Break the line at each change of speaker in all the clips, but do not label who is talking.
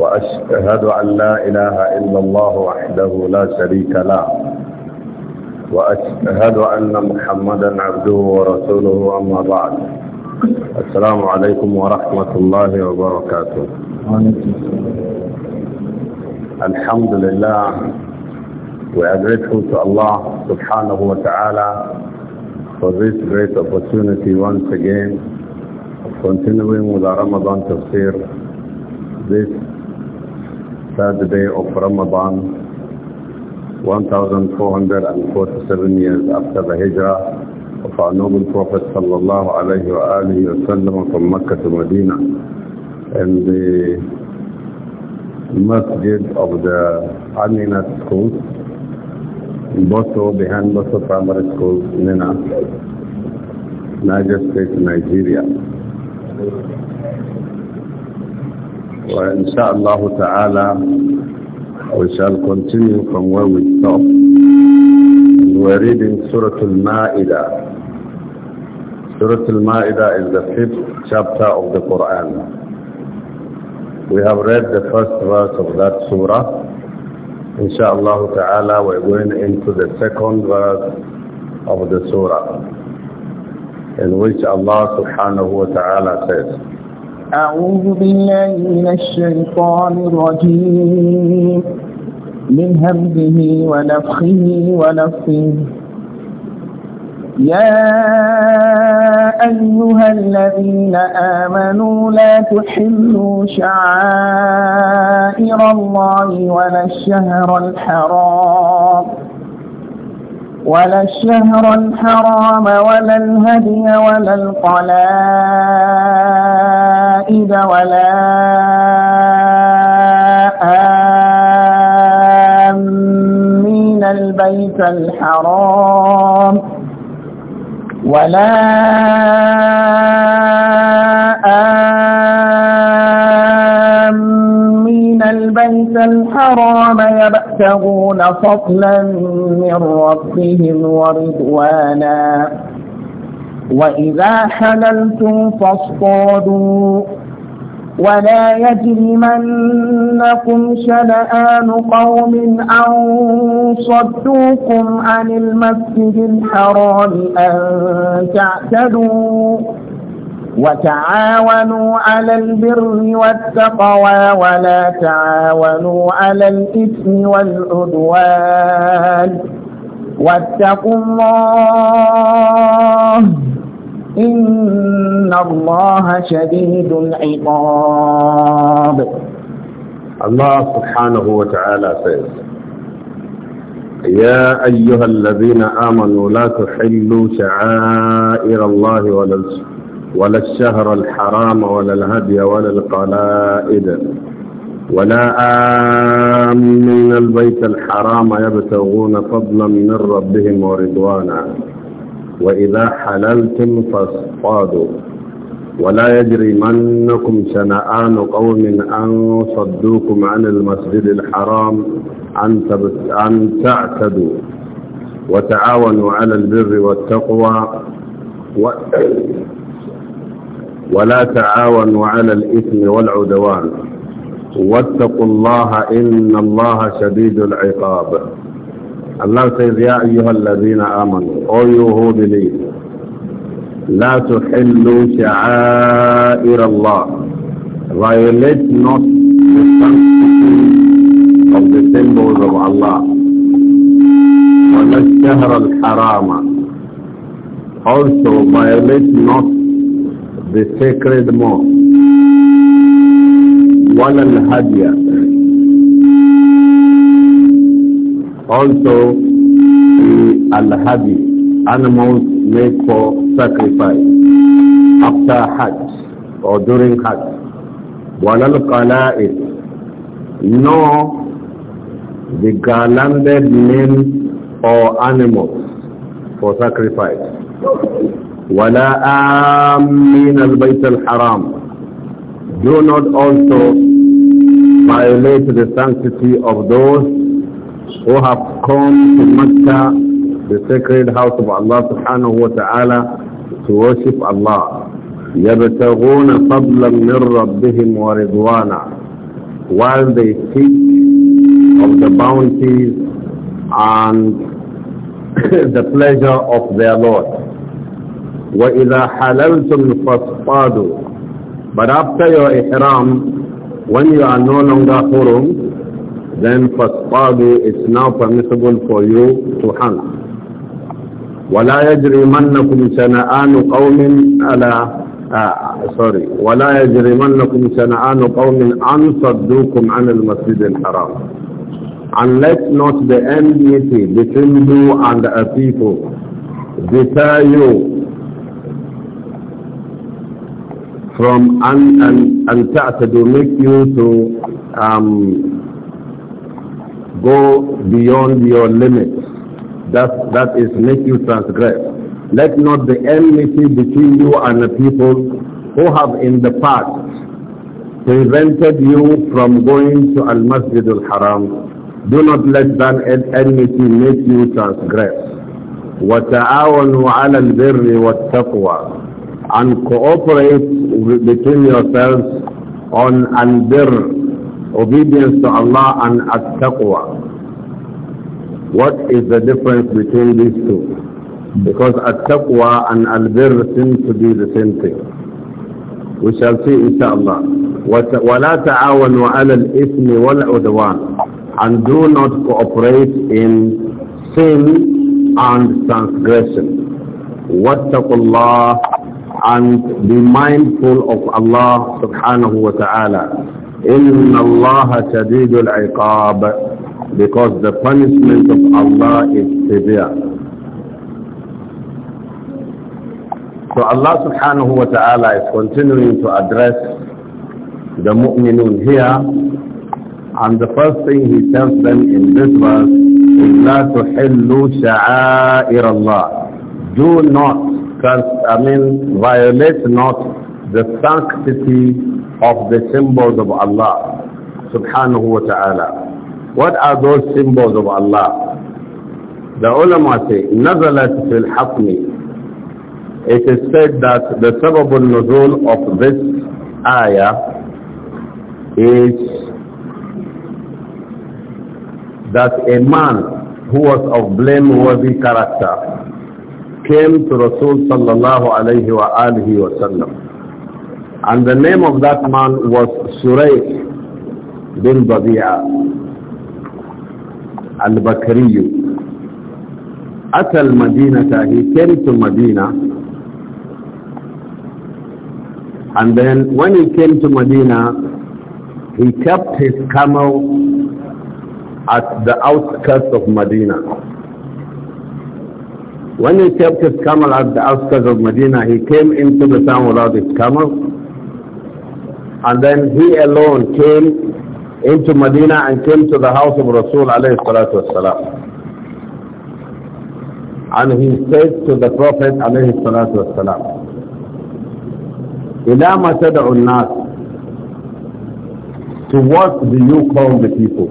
وأشهد أن لا إله إلا الله وحده لا شريك له وأشهد أن محمدا عبده ورسوله أما بعد السلام عليكم ورحمة الله وبركاته الحمد لله We are grateful to Allah subhanahu wa ta'ala for this great opportunity once again of continuing with our Ramadan tafsir this third day of Ramadan, 1447 years after the Hijrah of our noble Prophet sallallahu alayhi wa alihi from Mecca to Medina in the masjid of the Aminat school in Boso, behind Boso Primary School, Nina, Niger State, Nigeria. Well, inshallah ta'ala, we shall continue from where we stopped. And we're reading Surah Al-Ma'idah. Surah Al-Ma'idah is the fifth chapter of the Quran. We have read the first verse of that surah. Inshallah ta'ala, we're going into the second verse of the surah in which Allah subhanahu wa ta'ala says,
أعوذ بالله من الشيطان الرجيم من همزه ونفخه ونفخه يا أيها الذين آمنوا لا تحلوا شعائر الله ولا الشهر الحرام ولا الشهر الحرام ولا الهدي ولا القلائد الحائض ولا آمين البيت الحرام ولا آمين البيت الحرام يبتغون فضلا من ربهم ورضوانا وإذا حللتم فاصطادوا ولا يجرمنكم شنآن قوم أن صدوكم عن المسجد الحرام أن تعتدوا وتعاونوا على البر والتقوى ولا تعاونوا على الإثم والعدوان واتقوا الله إن الله شديد العقاب الله
سبحانه وتعالى says يا أيها الذين آمنوا لا تحلوا شعائر الله ولا ولا الشهر الحرام ولا الهدي ولا القلائد ولا آمن البيت الحرام يبتغون فضلا من ربهم ورضوانا وإذا حللتم فاصطادوا ولا يجرمنكم شنآن قوم أن صدوكم عن المسجد الحرام أن تعتدوا وتعاونوا على البر والتقوى و... ولا تعاونوا على الإثم والعدوان واتقوا الله إن الله شديد العقاب Allah says, يا أيها الذين آمنوا O you who لا تحلوا شعائر الله Violate not the sanctity of the symbols of Allah. ولا الشهر الحرام Also violate not the
sacred mosque.
ولا الهدي Also, the al-hadi, animals made for sacrifice after Hajj or during Hajj. Walal qala'id, nor the garlanded men or animals for sacrifice. Wala amin al-bayt al-haram. Do not also violate the sanctity of those who have come to Mecca, the sacred house of Allah subhanahu wa ta'ala, to worship Allah. يَبْتَغُونَ فَضْلًا مِنْ رَبِّهِمْ وَرِضْوَانًا While they seek of the bounties and the pleasure of their Lord. وَإِذَا حَلَلْتُمْ But after your ihram, when you are no longer hurum, then فَاسْقَادُ It's now permissible for you to hunt. ولا يجرمنكم شنآن قوم على sorry ولا يجرمنكم شنآن قوم أن صدوكم عن المسجد الحرام and let not the enmity between you and a people deter you from and and and to make you to um, go beyond your limits. That, that is make you transgress. Let not the enmity between you and the people who have in the past prevented you from going to Al-Masjid Al-Haram. Do not let that enmity make you transgress. وتعاونوا على البر والتقوى and cooperate between yourselves on albir obedience to Allah and at-taqwa. What is the difference between these two? Because at-taqwa and al-birr seem to be the same thing. We shall see inshallah. وَلَا تَعَاوَنُوا عَلَى الْإِثْمِ وَالْعُدْوَانِ And do not cooperate in sin and transgression. وَاتَّقُوا اللَّهِ And be mindful of Allah subhanahu wa ta'ala. إِنَّ اللَّهَ شَدِيدُ الْعِقَابِ Because the punishment of Allah is severe. So Allah subhanahu wa ta'ala is continuing to address the mu'minun here and the first thing he tells them in this verse is لَا تُحِلُّوا شَعَائِرَ اللَّهِ Do not, I mean, violate not the sanctity of the symbols of Allah subhanahu wa ta'ala. What are those symbols of Allah? The ulama say, نَزَلَتْ فِي الْحَقْمِ It is said that the sabab al-nuzul of this ayah is that a man who was of blameworthy character came to Rasul sallallahu alayhi wa alihi wa sallam and the name of that man was Suray bin Badi'a al-Bakriyu. At al-Madinata, he came to Medina. And then when he came to Medina, he kept his camel at the outskirts of Medina. When he kept his camel at the outskirts of Medina, he came into the town without his camel and then he alone came into Medina and came to the house of Rasul alayhi salatu And he said to the Prophet alayhi salatu wasalam, إِلَى مَا النَّاسِ To what do you call the people?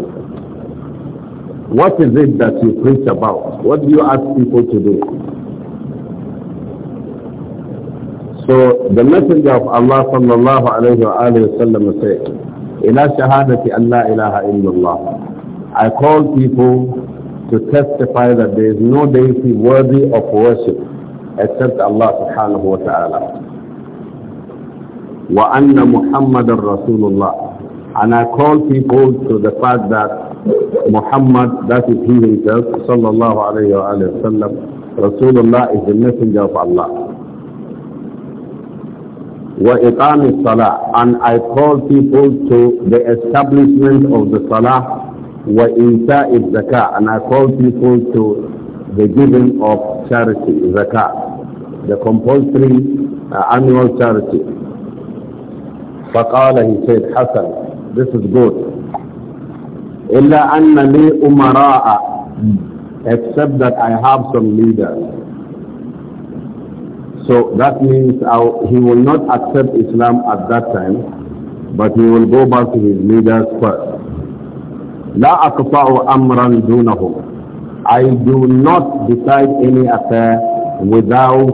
What is it that you preach about? What do you ask people to do? So the Messenger of Allah sallallahu alayhi wa alayhi wa sallam said, إِلَى شَهَادَةِ أَنْ لَا إِلَهَ I call people to testify that there is no deity worthy of worship except Allah subhanahu wa ta'ala. Wa مُحَمَّدًا رَسُولُ Rasulullah. And I call people to the fact that Muhammad, that is he himself, sallallahu alayhi wa sallam, Rasulullah is the messenger of Allah. وإقام الصلاة and I call people to the establishment of the Salah is الزكاة and I call people to the giving of charity, zakah, the compulsory uh, annual charity. فقال he said حسن this is good إلا أن لي أمراء except that I have some leaders so that means our, he will not accept Islam at that time, but he will go back to his leaders first. لا أقطع أمرا دونهم I do not decide any affair without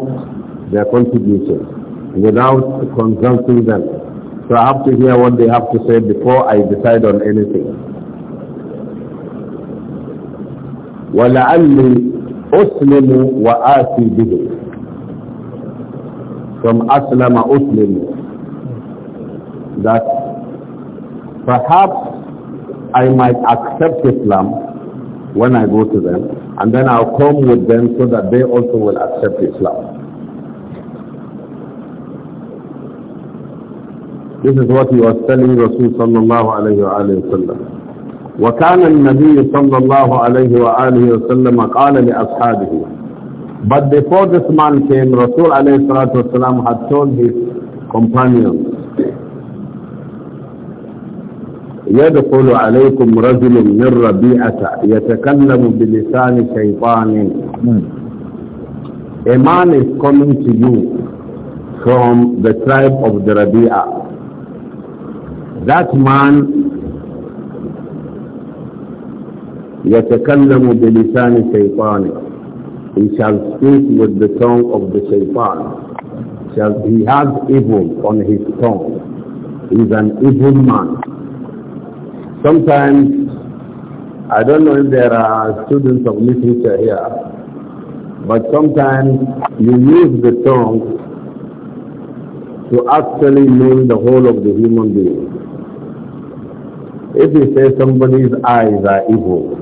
their contribution, without consulting them. So I have to hear what they have to say before I decide on anything. ولعلي أسلم وآتي به from Aslama Uslim that perhaps I might accept Islam when I go to them and then I'll come with them so that they also will accept Islam. This is what he was telling Rasul sallallahu alayhi wa alayhi wa sallam. وكان النبي صلى الله عليه وآله وسلم قال لأصحابه but before this man came, Rasul والسلام, had told his companions, يدخل عليكم رجل من ربيعة يتكلم بلسان شيطان A man is coming to you from the tribe of the Rabi'a. That man يتكلم بلسان شيطان he shall speak with the tongue of the shaitan. Shall, he has evil on his tongue. He is an evil man. Sometimes, I don't know if there are students of literature here, but sometimes you use the tongue to actually mean the whole of the human being. If you say somebody's eyes are evil,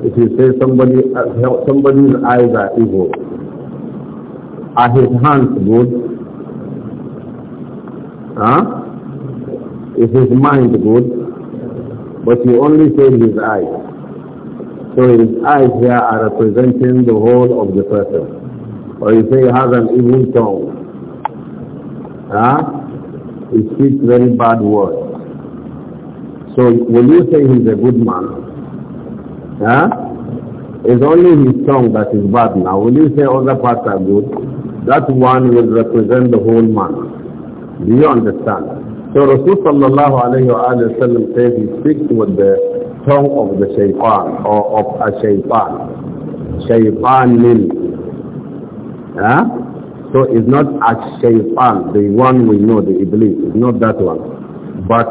if you say somebody uh, somebody's eyes are evil, are his hands good? Huh? Is his mind good? But you only say his eyes. So his eyes here are representing the whole of the person. Or you say he has an evil tongue. Huh? He speaks very bad words. So will you say he's a good man? Huh? It's only his tongue that is bad now. Will you say other parts are good? That one will represent the whole man. Do you understand? So Rasul sallallahu alayhi wa sallam says he speaks with the tongue of the Shaytan or of a Shaytan. Shaytan lil. Huh? So it's not a Shaytan, the one we know, the Iblis. It's not that one. But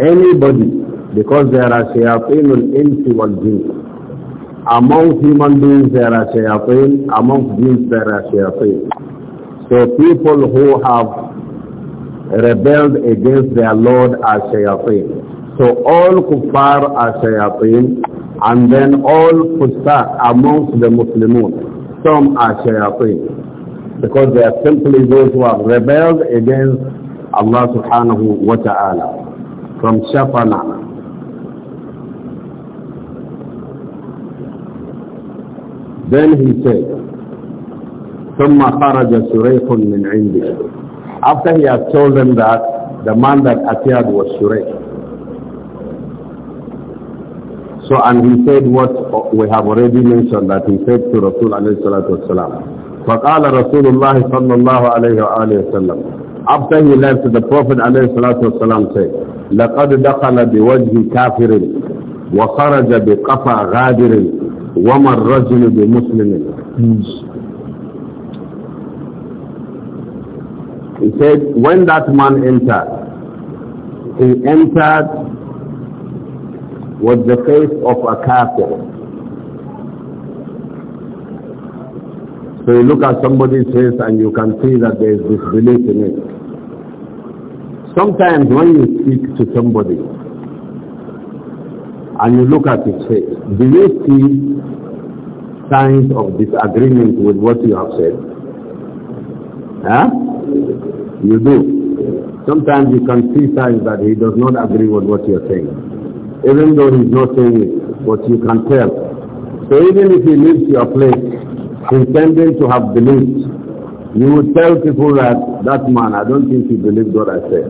anybody because there are shayateen insi wal jinn. Among human beings there are shayateen, among jinns there are shayateen. So people who have rebelled against their Lord are shayateen. So all kuffar are shayateen and then all kuffar amongst the Muslimun, some are shayateen. Because they are simply those who have rebelled against Allah subhanahu wa ta'ala from shafana Then he said, ثم خرج سريح من عنده. After he had told them that the man that appeared was Surayh. So, and he said what we have already mentioned that he said to Rasul alayhi salatu wasalam. فَقَالَ رَسُولُ اللَّهِ صَلَّى اللَّهُ عَلَيْهِ وَآلِهِ وَسَلَّمُ After he left, the Prophet alayhi salatu wasalam said, لَقَدْ دَخَلَ بِوَجْهِ كَافِرٍ وخرج بقفا غادر وما الرجل بمسلم He said, when that man entered, he entered with the face of a kafir. So you look at somebody's face and you can see that there is disbelief in it. Sometimes when you speak to somebody, and you look at his face, do you see signs of disagreement with what you have said? Huh? You do. Sometimes you can see signs that he does not agree with what you're saying. Even though he's not saying it, but you can tell. So even if he leaves your place pretending to have believed, you would tell people that, that man, I don't think he believed what I said.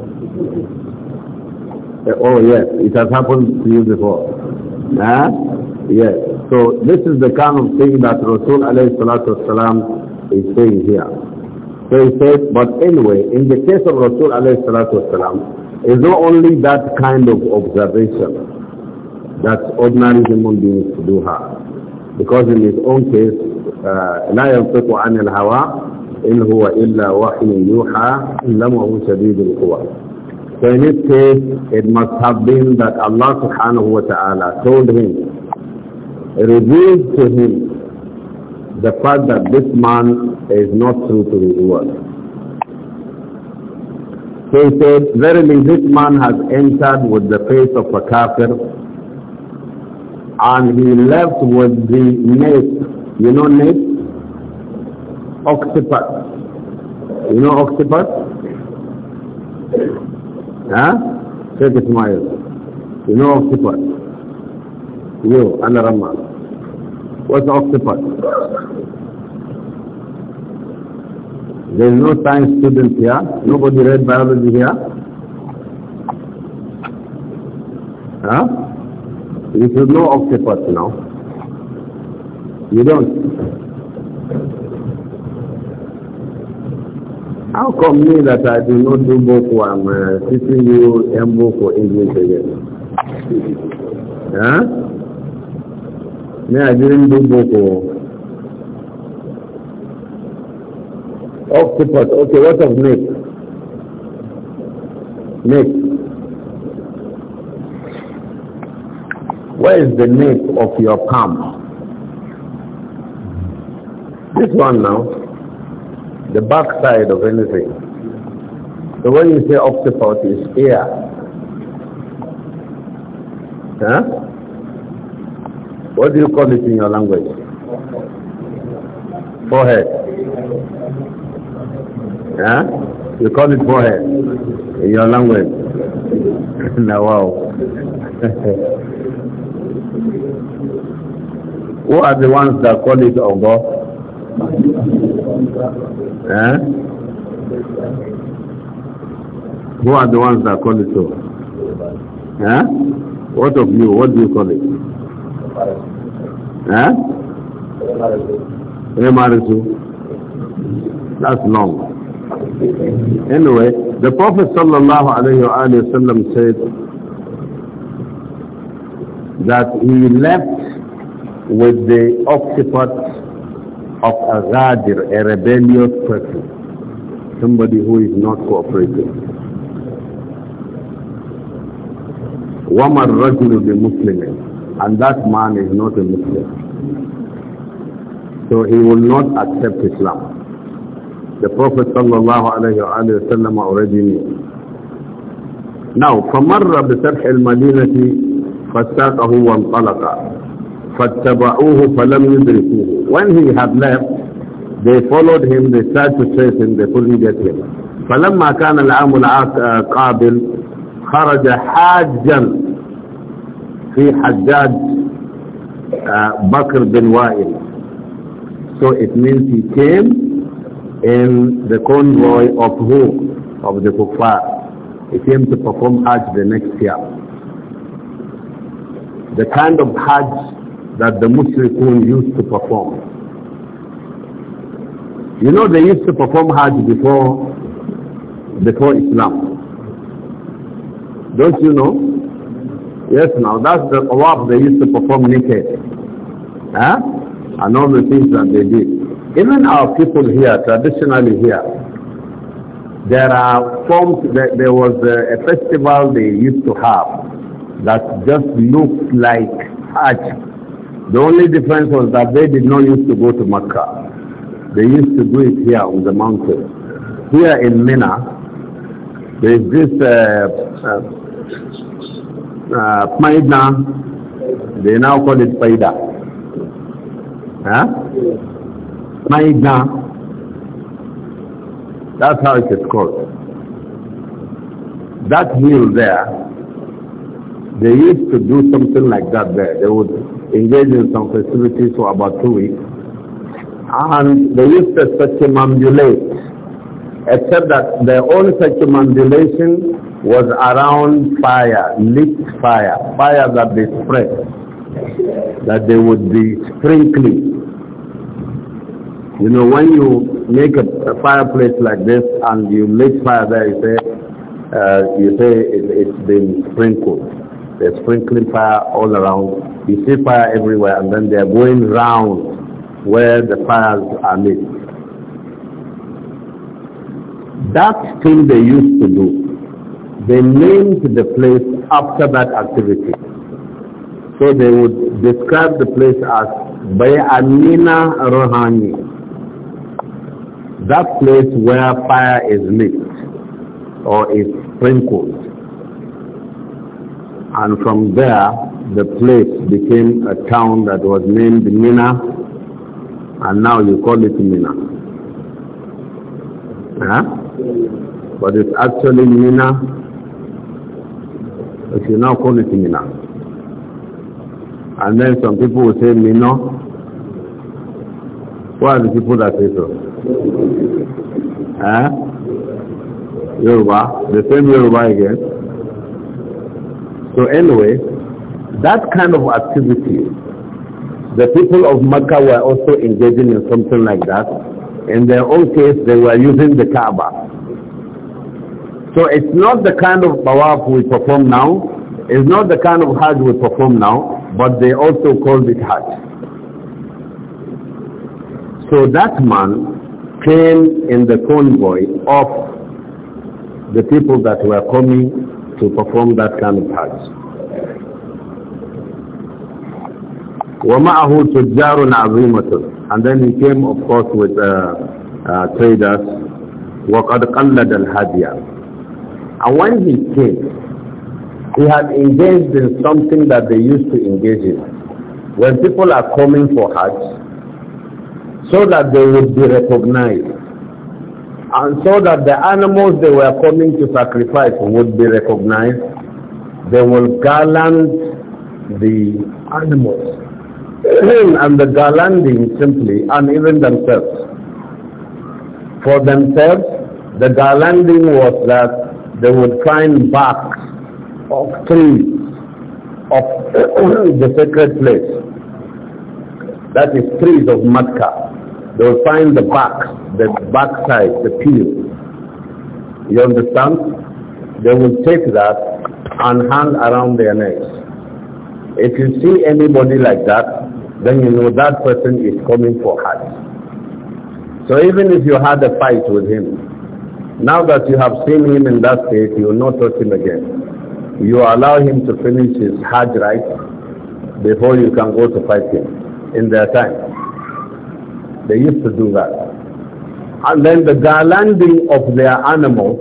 Uh, oh yes, it has happened to you before. Huh? Yes. So this is the kind of thing that Rasul alayhi salatu wasalam is saying here. So he says, but anyway, in the case of Rasul alayhi salatu wasalam, it's not only that kind of observation that ordinary human beings do have. Because in his own case, لا ينطق عن الهوى إن هو إلا وحي يوحى لمه شديد القوى so in this case, it must have been that Allah subhanahu wa ta'ala told him, revealed to him the fact that this man is not true to his word. So he said, verily this man has entered with the face of a kafir and he left with the net, you know net? octopus, You know octopus. ها شيخ اسماعيل you know of صفات you انا رمان what's of صفات there is no science student here nobody read biology here huh you should know octopus now you
don't How
come me that I do not do Boko, I'm uh, teaching you MBO for English again? Huh? Me, I didn't do Boko. Oh. Octopus. Okay, what of Nick? Nick. Where is the nape of your palm? This one now the backside of anything. So when you say occiput, is ear. Huh? What do you call it in your language?
Forehead. Huh? You call it forehead in your language. now wow.
Who are the ones that call it ogo?
Eh?
Who are the ones that call it so? Eh? What of you? What do you call it? Eh? Remarisu. Eh, That's long. Anyway, the Prophet sallallahu alayhi wa sallam said that he left with the occupants of a ghadir, a rebellious person, somebody who is not cooperating. وَمَا الرَّجُلُ Muslim, And that man is not a Muslim. So he will not accept Islam. The Prophet ﷺ already knew. Now, فَمَرَّ بِسَرْحِ الْمَدِينَةِ فَسَاقَهُ وَانْطَلَقَ فَاتَّبَعُوهُ فَلَمْ يُدْرِكُوهُ when he had left, they followed him, they tried to trace him, they couldn't get him. فلما كان العام القابل خرج حاجا في حجاج بكر بن وائل so it means he came in the convoy of who of the Kufar. he came to perform hajj the next year the kind of hajj that the Muslims used to perform. You know they used to perform Hajj before, before Islam. Don't you know? Yes, now that's the awab they used to perform naked. Huh? And all the things that they did. Even our people here, traditionally here, there are forms, that there was a, festival they used to have that just looked like Hajj the only difference was that they did not used to go to Mecca. They used to do it here on the mountain. Here in Mina, there is this Paida. Uh, uh, uh they now call it Paida. Huh? Paida. That's how it is called. That hill there, they used to do something like that there. They would engaged in some festivities for about two weeks. And they used to circumambulate, except that their own circumambulation was around fire, lit fire, fire that they spread, that they would be sprinkling. You know, when you make a, a fireplace like this and you lit fire there, you say, uh, you say it, it's been sprinkled. They're sprinkling fire all around. You see fire everywhere and then they're going round where the fires are made. That thing they used to do, they named the place after that activity. So they would describe the place as Bay'anina Rohani. That place where fire is lit or is sprinkled. And from there, the place became a town that was named Mina, and now you call it Mina. Huh? But it's actually Mina, but you now call it Mina. And then some people will say Mino. Why are the people that say so? Huh? Yoruba, the same Yoruba again. So anyway, that kind of activity, the people of Mecca were also engaging in something like that. In their own case, they were using the Kaaba. So it's not the kind of tawaf we perform now. It's not the kind of Hajj we perform now, but they also called it Hajj. So that man came in the convoy of the people that were coming to perform that kind of Hajj. وَمَعَهُ تُجَّارٌ And then he came, of course, with uh, uh, traders. وَقَدْ قَلَّدَ الْهَدْيَ And when he came, he had engaged in something that they used to engage in. When people are coming for Hajj, so that they would be recognized, and so that the animals they were coming to sacrifice would be recognized, they will garland the animals. and the garlanding simply, and even themselves. For themselves, the garlanding was that they would find barks of trees of the sacred place. That is trees of matka they will find the back, the back side, the peel. You understand? They will take that and hang around their necks. If you see anybody like that, then you know that person is coming for Hajj. So even if you had a fight with him, now that you have seen him in that state, you will not touch him again. You allow him to finish his Hajj right before you can go to fight him in their time. They used to do that. And then the garlanding of their animals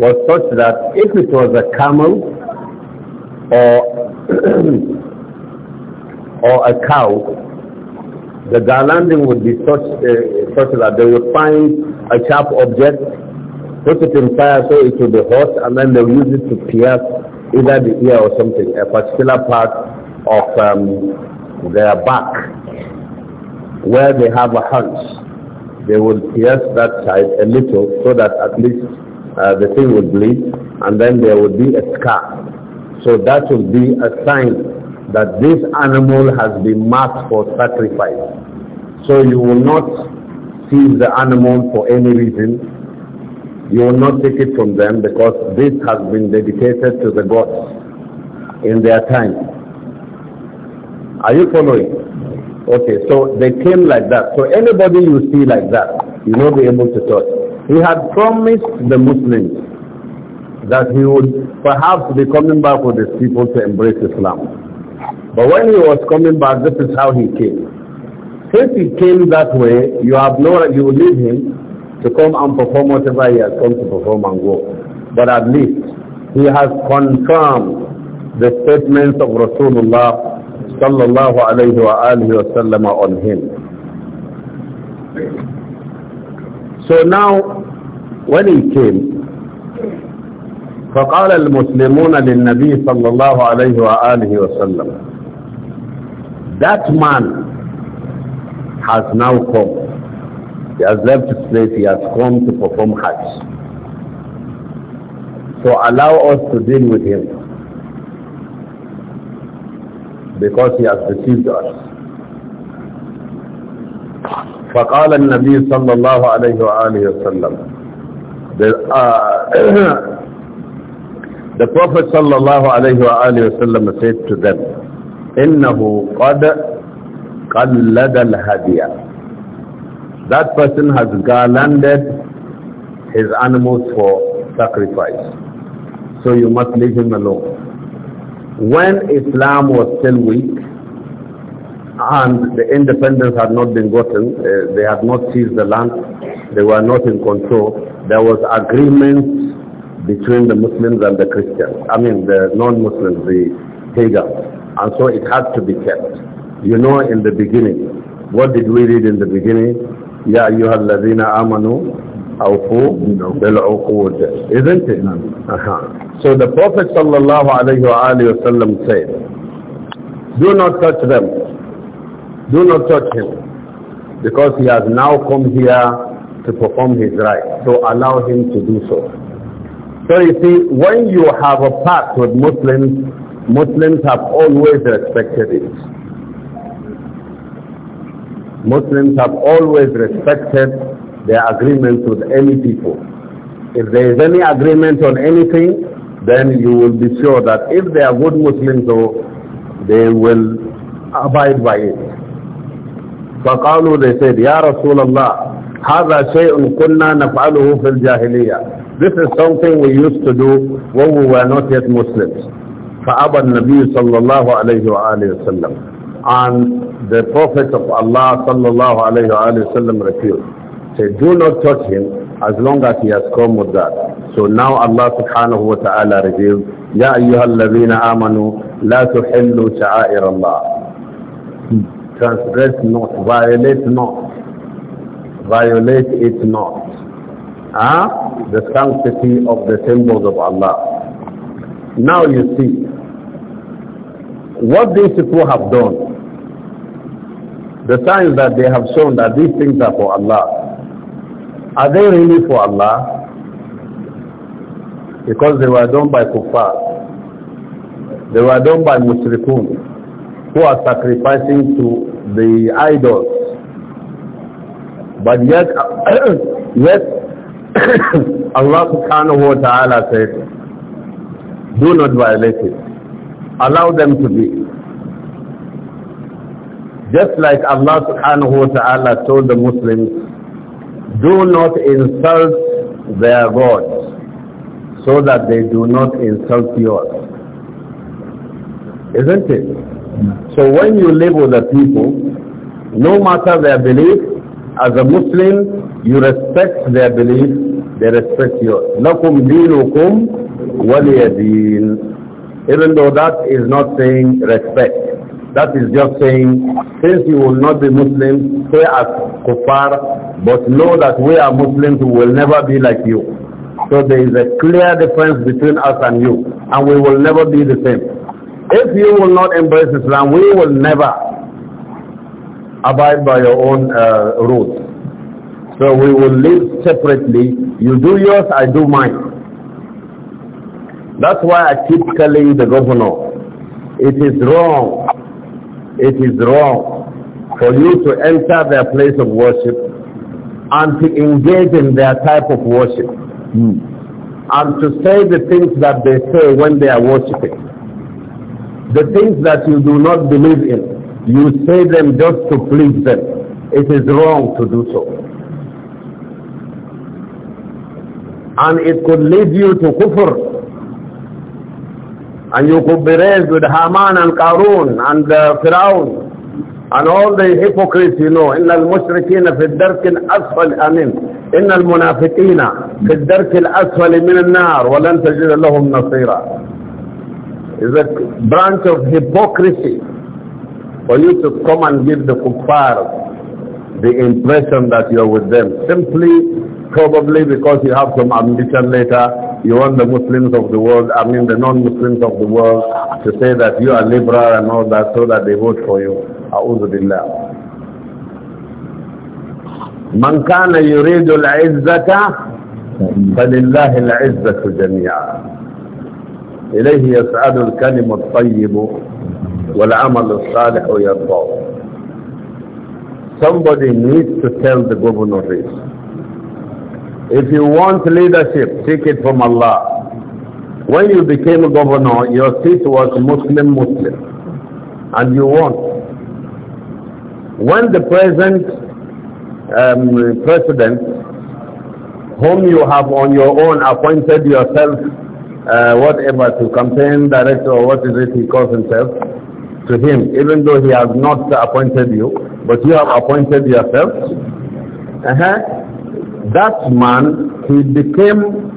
was such that if it was a camel or or a cow, the garlanding would be such, uh, such that they would find a sharp object, put it in fire so it would be hot, and then they would use it to pierce either the ear or something, a particular part of um, their back where they have a hunch, they will pierce that side a little so that at least uh, the thing will bleed and then there will be a scar. So that will be a sign that this animal has been marked for sacrifice. So you will not seize the animal for any reason. You will not take it from them because this has been dedicated to the gods in their time. Are you following? Okay, so they came like that. So anybody you see like that, you will be able to touch. He had promised the Muslims that he would perhaps be coming back with his people to embrace Islam. But when he was coming back, this is how he came. Since he came that way, you have no, you leave him to come and perform whatever he has come to perform and go. But at least he has confirmed the statements of Rasulullah sallallahu alayhi wa alihi wa sallam on him. So now, when he came, فقال المسلمون للنبي صلى الله عليه وآله وسلم That man has now come. He has left his place. He has come to perform Hajj. So allow us to deal with him because he has deceived us. فقال النبي صلى الله عليه وآله وسلم the,
uh,
the Prophet صلى الله عليه وآله وسلم said to them إنه قد قلد الهدي that person has garlanded his animals for sacrifice so you must leave him alone when Islam was still weak and the independence had not been gotten, uh, they had not seized the land, they were not in control, there was agreement between the Muslims and the Christians, I mean the non-Muslims, the pagans. And so it had to be kept. You know in the beginning, what did we read in the beginning? you أَيُّهَا الَّذِينَ amanu awfu isn't it uh -huh. so the prophet sallallahu alaihi wasallam said do not touch them do not touch him because he has now come here to perform his right so allow him to do so so you see when you have a pact with muslims muslims have always respected it muslims have always respected their agreements with any people. If there is any agreement on anything, then you will be sure that if they are good Muslims, though, they will abide by it. فقالوا they said, يا رسول الله هذا شيء كنا نفعله في الجاهلية. This is something we used to do when we were not yet Muslims. فأبى النبي صلى الله عليه وآله وسلم. And the Prophet of Allah صلى الله عليه وآله وسلم refused said, do not touch him as long as he has come with that. So now Allah subhanahu wa ta'ala reveals, يَا أَيُّهَا الَّذِينَ آمَنُوا لَا تُحِلُّوا شَعَائِرَ اللَّهِ Transgress not, violate not, violate it not. Ah, huh? The sanctity of the symbols of Allah. Now you see, what these people have done, the signs that they have shown that these things are for Allah, are they really for Allah? Because they were done by kuffar. They were done by mushrikun who are sacrificing to the idols. But yet, yet Allah subhanahu wa ta'ala said, do not violate it. Allow them to be. Just like Allah subhanahu wa ta'ala told the Muslims do not insult their gods so that they do not insult yours. Isn't it? So when you live with the people, no matter their belief, as a Muslim, you respect their belief, they respect yours. Even though that is not saying respect. That is just saying, since you will not be Muslim, stay as kuffar, but know that we are Muslims who will never be like you. So there is a clear difference between us and you, and we will never be the same. If you will not embrace Islam, we will never abide by your own uh, rules. So we will live separately. You do yours, I do mine. That's why I keep telling the governor, it is wrong it is wrong for you to enter their place of worship and to engage in their type of worship mm. and to say the things that they say when they are worshiping. The things that you do not believe in, you say them just to please them. It is wrong to do so. And it could lead you to kufr and you could be raised with Haman and Karun and uh, Firaun and all the hypocrites you know. إن المشركين في الدرك الأسفل أمين إن المنافقين في الدرك الأسفل من النار ولن تجد لهم نصيرا is a branch of hypocrisy for you to come and give the kuffar the impression that you are with them. Simply Probably because you have some ambition later, you want the Muslims of the world, I mean the non-Muslims of the world, to say that you are liberal and all that so that they vote for you. A'udhu Billah. من كان يريد العزة فلله العزة جميعا إليه يسعد الكلم الطيب والعمل الصالح يرضاه Somebody needs to tell the governor this. If you want leadership, take it from Allah. When you became a governor, your seat was Muslim-Muslim. And you won. When the present um, president, whom you have on your own appointed yourself, uh, whatever, to campaign director or what is it he calls himself, to him, even though he has not appointed you, but you have appointed yourself, uh -huh that man, he became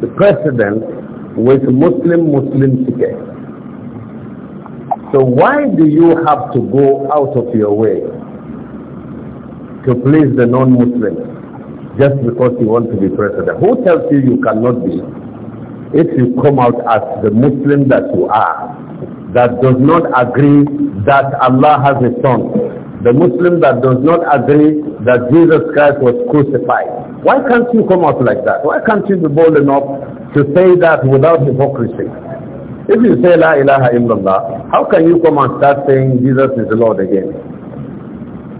the president with Muslim-Muslim ticket. So why do you have to go out of your way to please the non-Muslims just because you want to be president? Who tells you you cannot be if you come out as the Muslim that you are, that does not agree that Allah has a son the Muslim that does not agree that Jesus Christ was crucified. Why can't you come out like that? Why can't you be bold enough to say that without hypocrisy? If you say La ilaha illallah, how can you come and start saying Jesus is the Lord again?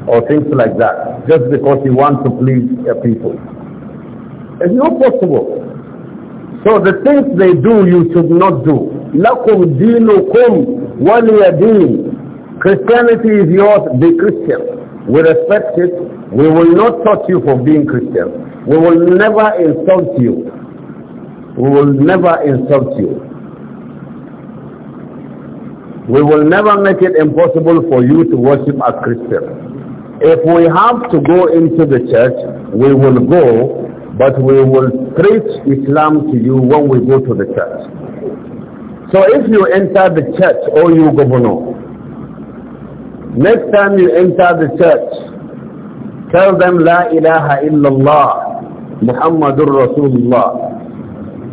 Or things like that, just because you want to please your people. It's not possible. So the things they do, you should not do. لَكُمْ دِينُكُمْ وَلِيَ دِينُ Christianity is yours, be Christian. We respect it. We will not touch you for being Christian. We will never insult you. We will never insult you. We will never make it impossible for you to worship as Christian. If we have to go into the church, we will go, but we will preach Islam to you when we go to the church. So if you enter the church, or you governor, Next time you enter the church, tell them La ilaha illallah, Muhammadur Rasulullah.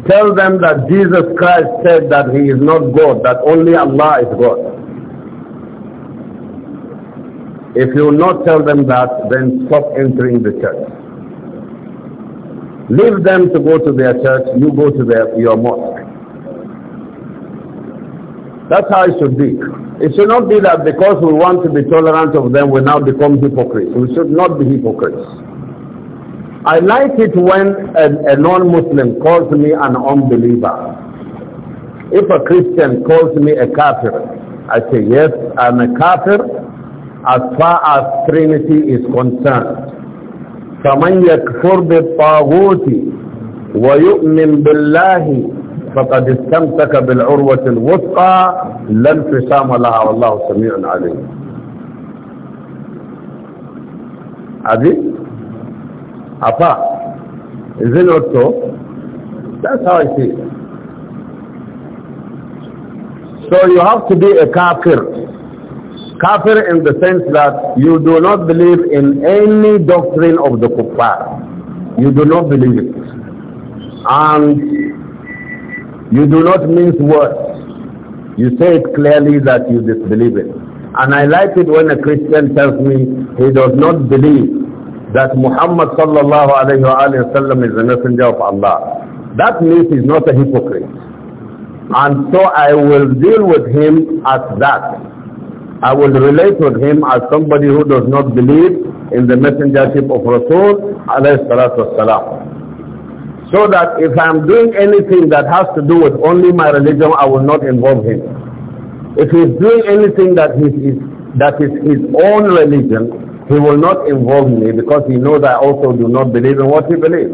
Tell them that Jesus Christ said that he is not God, that only Allah is God. If you will not tell them that, then stop entering the church. Leave them to go to their church, you go to their, your mosque. That's how it should be. It should not be that because we want to be tolerant of them, we now become hypocrites. We should not be hypocrites. I like it when a, a non-Muslim calls me an unbeliever. If a Christian calls me a kafir, I say, yes, I'm a kafir as far as Trinity is concerned. فَمَنْ يَكْفُرْ بِالطَّاغُوتِ وَيُؤْمِنْ بِاللَّهِ فقد استمسك بالعروة الوثقى لا انفصام لها والله سميع عليم عدي عطاء is it That's how I see it. So you have to be a kafir. Kafir in the sense that you do not believe in any doctrine of the kuffar. You do not believe it. And you do not mince words. You say it clearly that you disbelieve it. And I like it when a Christian tells me he does not believe that Muhammad sallallahu alayhi wa sallam is the messenger of Allah. That means he's not a hypocrite. And so I will deal with him as that. I will relate with him as somebody who does not believe in the messengership of Rasul alayhi salatu so that if I'm doing anything that has to do with only my religion, I will not involve him. If he's doing anything that is, that is his own religion, he will not involve me because he knows I also do not believe in what he believes.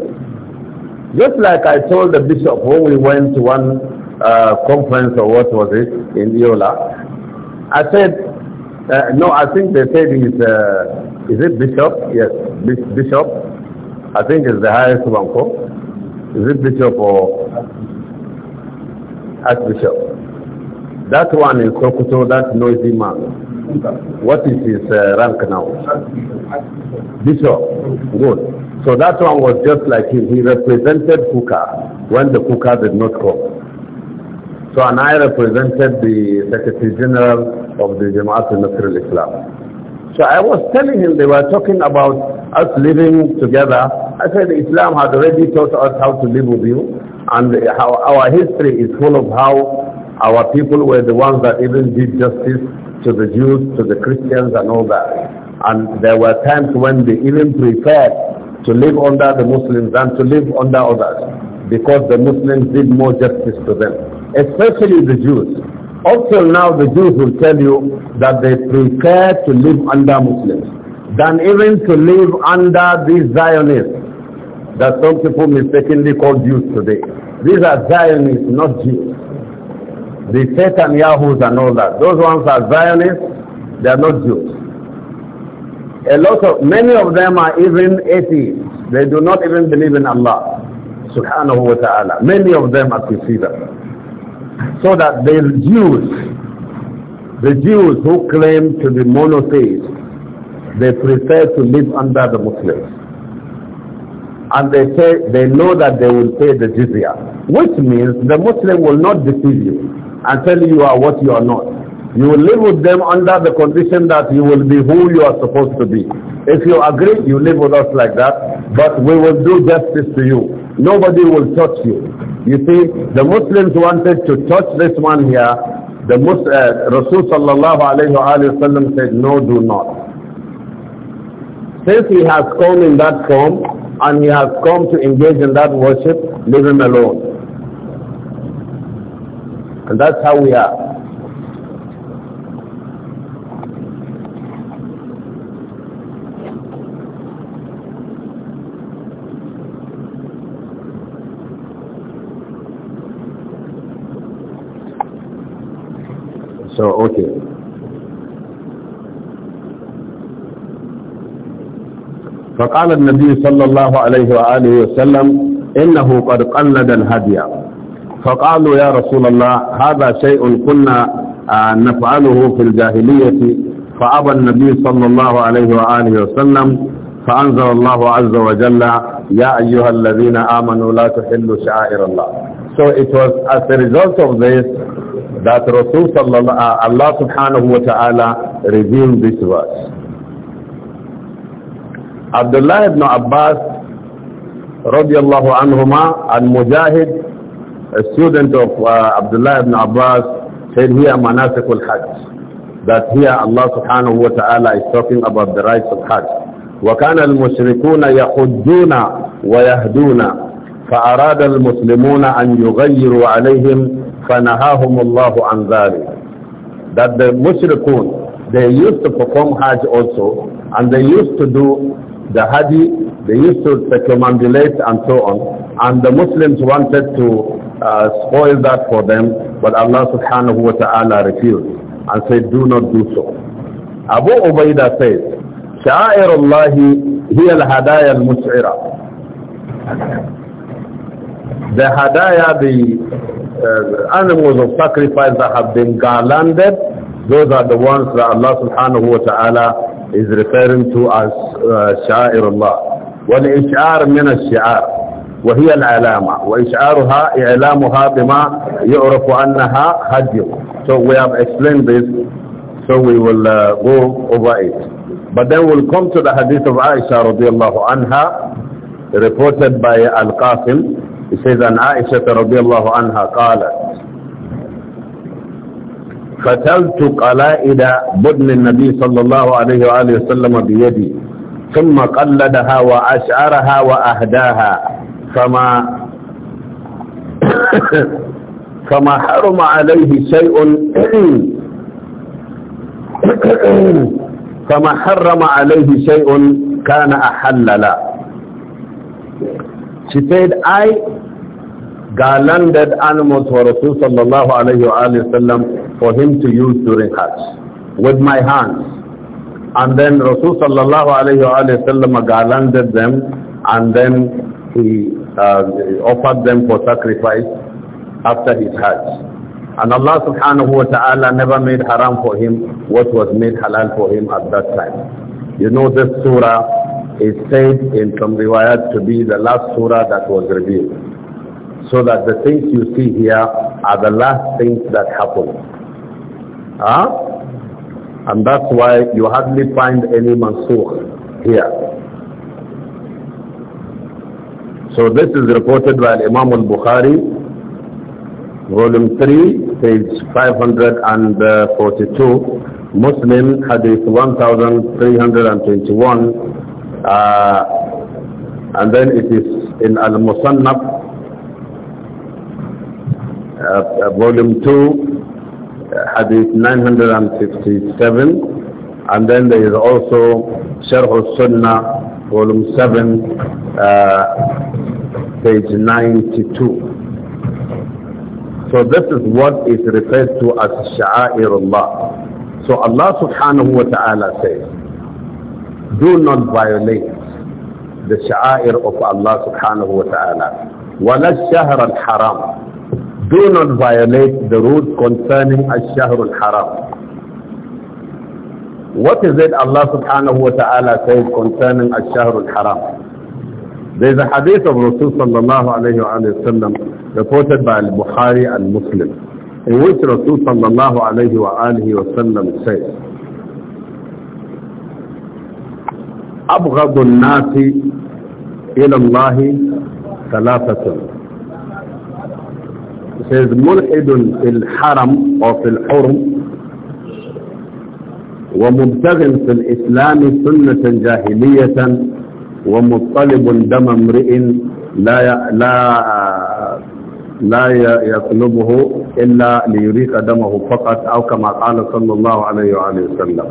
Just like I told the bishop when we went to one uh, conference or what was it in Yola, I said, uh, no, I think they said he's, uh, is it bishop? Yes, bishop. I think it's the highest one. Is it bishop or archbishop? That one in Kokoto, that noisy man. What is his uh, rank now? Bishop. Good. So that one was just like him. He represented Kuka when the Kuka did not come. So and I represented the Secretary General of the Jamaat al islam so I was telling him they were talking about us living together. I said Islam had already taught us how to live with you and how our history is full of how our people were the ones that even did justice to the Jews, to the Christians and all that. And there were times when they even preferred to live under the Muslims than to live under others because the Muslims did more justice to them, especially the Jews. Until now, the Jews will tell you that they prefer to live under Muslims than even to live under these Zionists that some people mistakenly call Jews today. These are Zionists, not Jews. The Satan Yahoos and all that. Those ones are Zionists, they are not Jews. A lot of, many of them are even atheists. They do not even believe in Allah subhanahu wa ta'ala. Many of them are you see so that the Jews, the Jews who claim to be monotheists, they prefer to live under the Muslims. And they say they know that they will pay the jizya, which means the Muslim will not deceive you and tell you are what you are not. You will live with them under the condition that you will be who you are supposed to be. If you agree, you live with us like that, but we will do justice to you. Nobody will touch you. You see, the Muslims wanted to touch this one here. The Mus uh, Rasul sallallahu alayhi wa sallam said, no, do not. Since he has come in that form and he has come to engage in that worship, leave him alone. And that's how we are. So, okay. فقال النبي صلى الله عليه وآله وسلم إنه قد قلد الهدي فقالوا يا رسول الله هذا شيء كنا آه، نفعله في الجاهلية فأبى النبي صلى الله عليه وآله وسلم فأنزل الله عز وجل يا أيها الذين آمنوا لا تحلوا شعائر الله So it was as a result of this that Rasul sallallahu Allah subhanahu wa ta'ala revealed this verse. Abdullah ibn Abbas radiallahu anhuma and Mujahid, a student of uh, Abdullah ibn Abbas, said here Manasik al-Hajj, that here Allah subhanahu wa ta'ala is talking about the rights of Hajj. وكان المشركون يحجون ويهدون فأراد المسلمون أن يغيروا عليهم فَنَهَاهُمُ اللَّهُ عَنْ ذَلِكَ That the mushrikun, they used to perform Hajj also, and they used to do the Hadi, they used to circumambulate and so on, and the Muslims wanted to uh, spoil that for them, but Allah subhanahu wa ta'ala refused and said, do not do so. Abu Ubaidah says, شعائر الله هي al المسعرة the hadaya, the uh, animals of sacrifice that have been garlanded, those are the ones that Allah subhanahu wa ta'ala is referring to as uh, Sha'irullah. وَالْإِشْعَارُ مِنَ الشِّعَارِ وهي العلامة وإشعارها إعلامها بما يعرف أنها هدي So we have explained this so we will uh, go over it But then we'll come to the hadith of Aisha radiallahu anha reported by Al-Qasim It عائشة رضي الله عنها anha قالت فتلت قلائد بدن النبي صلى الله عليه وآله وسلم بيدي ثم قلدها وأشعرها وأهداها فما فما حرم عليه شيء فما حرم عليه شيء كان أحلل له She said, I garlanded animals for Rasul sallallahu alayhi wa sallam for him to use during Hajj with my hands. And then Rasul sallallahu alayhi wa sallam garlanded them and then he uh, offered them for sacrifice after his Hajj. And Allah subhanahu wa ta'ala never made haram for him what was made halal for him at that time. You know this surah is said in some riwayat to be the last surah that was revealed so that the things you see here are the last things that happen. Huh? And that's why you hardly find any mansukh here. So this is reported by Imam al-Bukhari, volume 3, page 542, Muslim, hadith 1321, uh, and then it is in al musannab uh, uh, volume 2, hadith 957. And then there is also Sharh al-Sunnah, volume 7, uh, page 92. So this is what is referred to as Sha'airullah. So Allah subhanahu wa ta'ala says, do not violate the Sha'air of Allah subhanahu wa ta'ala. وَلَا الشَّهْرَ الْحَرَامِ do not violate the rules concerning Ash-Shahr al-Haram. What is it Allah subhanahu wa ta'ala says concerning Ash-Shahr al-Haram? There is a hadith of Rasulullah sallallahu alayhi wa sallam reported by al-Bukhari and Muslim in which Rasulullah sallallahu alayhi wa alihi wa sallam says أبغض الناس إلى الله ثلاثة سيد ملحد في الحرم haram or fil ومبتغ في الإسلام سنة جاهلية ومطلب دم امرئ لا ي... لا لا يطلبه إلا ليريق دمه فقط أو كما قال صلى الله عليه وآله وسلم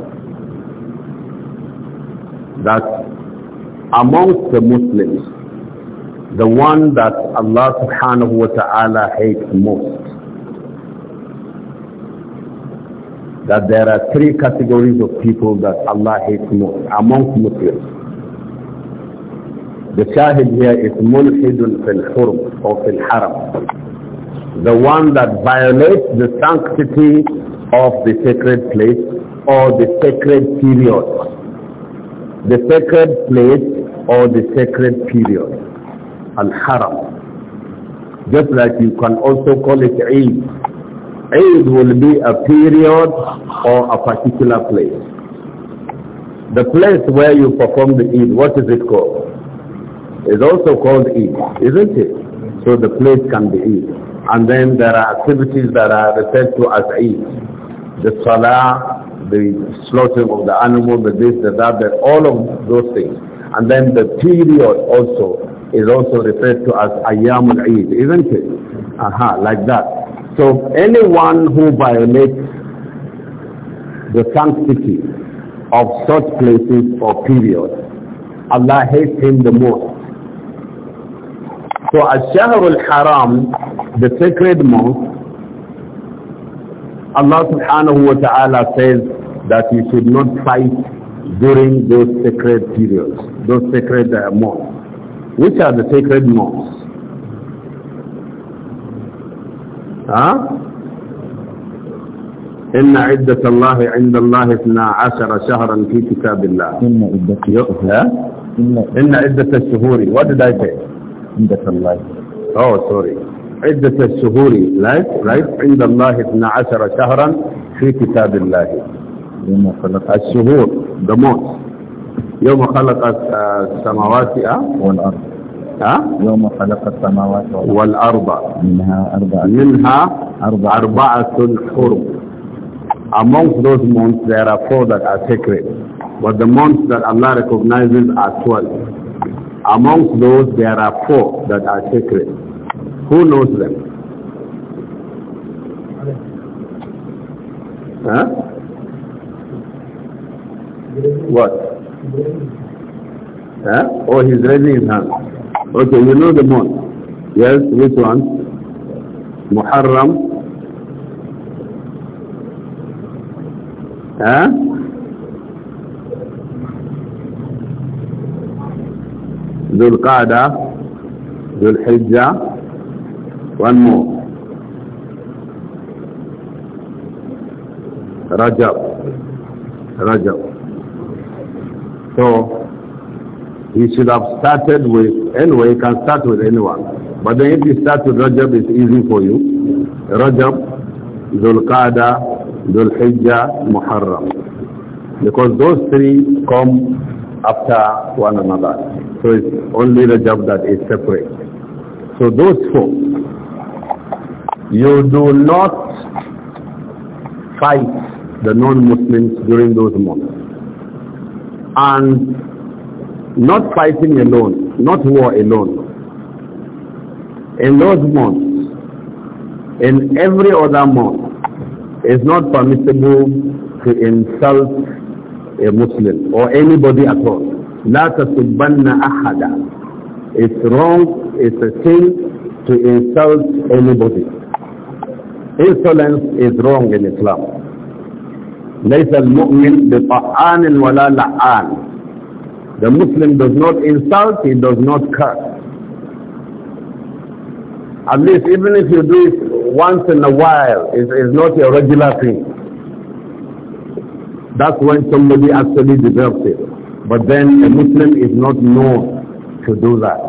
that amongst the Muslims the one that Allah subhanahu wa ta'ala hates most. That there are three categories of people that Allah hates most among Muslims. The shahid here is mulhidun fil hurm or fil haram. The one that violates the sanctity of the sacred place or the sacred period. The sacred place or the sacred period. Al-Haram. Just like you can also call it Eid. Eid will be a period or a particular place. The place where you perform the Eid, what is it called? It's also called Eid, isn't it? So the place can be Eid. And then there are activities that are referred to as Eid. The Salah, the slaughtering of the animal, the this, the that, the, all of those things. And then the period also is also referred to as Ayyamul Eid, isn't it? Aha, like that. So anyone who violates the sanctity of such places or periods, Allah hates him the most. So Ash-Shahr al-Haram, the sacred month, Allah subhanahu wa ta'ala says that you should not fight during those sacred periods, those sacred uh, months. which are the sacred mosques. Huh? إن عدة الله عند الله 12 شهرا في كتاب الله إن عدة إن عدة الشهور what did I say عدة الله oh sorry عدة الشهور right right عند الله 12 شهرا في كتاب الله الشهور the months يوم خلق السماوات والأرض ها؟ يوم خلق السماوات والأرض, منها أربعة منها أربعة, أربعة حرم Amongst those months there are four that are sacred but the months that Allah recognizes are twelve Amongst those there are four that are sacred Who knows them? Huh?
What? Or
Oh, he's raising his hand. Okay, you know the month. Yes, which one? Muharram. Huh?
Dhul Qada, Dhul Hijjah.
One more. Rajab. Rajab. So he should have started with, anyway, you can start with anyone. But then if you start with Rajab, it's easy for you. Rajab, Dhul Qada, Dhul Hijjah, Muharram. Because those three come after one another. So it's only Rajab that is separate. So those four, you do not fight the non-Muslims during those months and not fighting alone, not war alone. In those months, in every other month, it's not permissible to insult a Muslim or anybody at all. لا تسبن أحدا. It's wrong, it's a sin to insult anybody. Insolence is wrong in Islam. ليس المؤمن بطعان ولا لعان the Muslim does not insult, he does not curse. At least even if you do it once in a while, it's, not a regular thing. That's when somebody actually deserves it. But then a Muslim is not known to do that.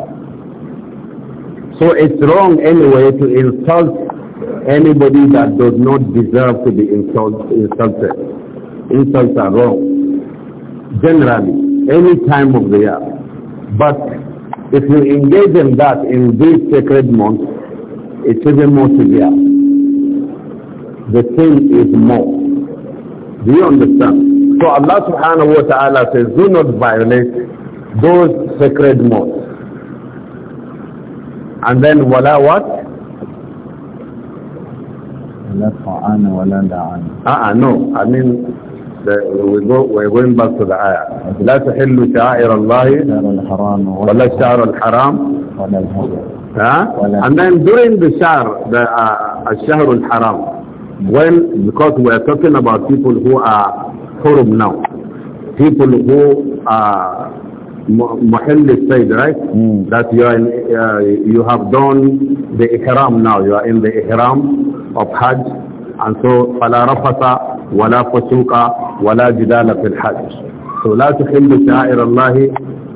So it's wrong anyway to insult anybody that does not deserve to be insult, insulted insults are wrong. Generally, any time of the year. But if you engage in that in these sacred months, it is even more severe. The sin is more. Do you understand? So Allah subhanahu wa ta'ala says, do not violate those sacred months. And then wala what?
لا طعان ولا دعان.
Ah, no. I mean, we go, we're لا تحل شعائر الله ولا الشعر الحرام ولا الهدى Huh? And then during the Shahr, when, because we are talking about people who are حرم now, people who are محل السيد right? Mm. That you, are in, uh, you have done the Ihram now, you are in the Ihram of Hajj, and so فَلَا رَفَثَ ولا فسوق ولا جدال في الحج فلا تحل شعائر الله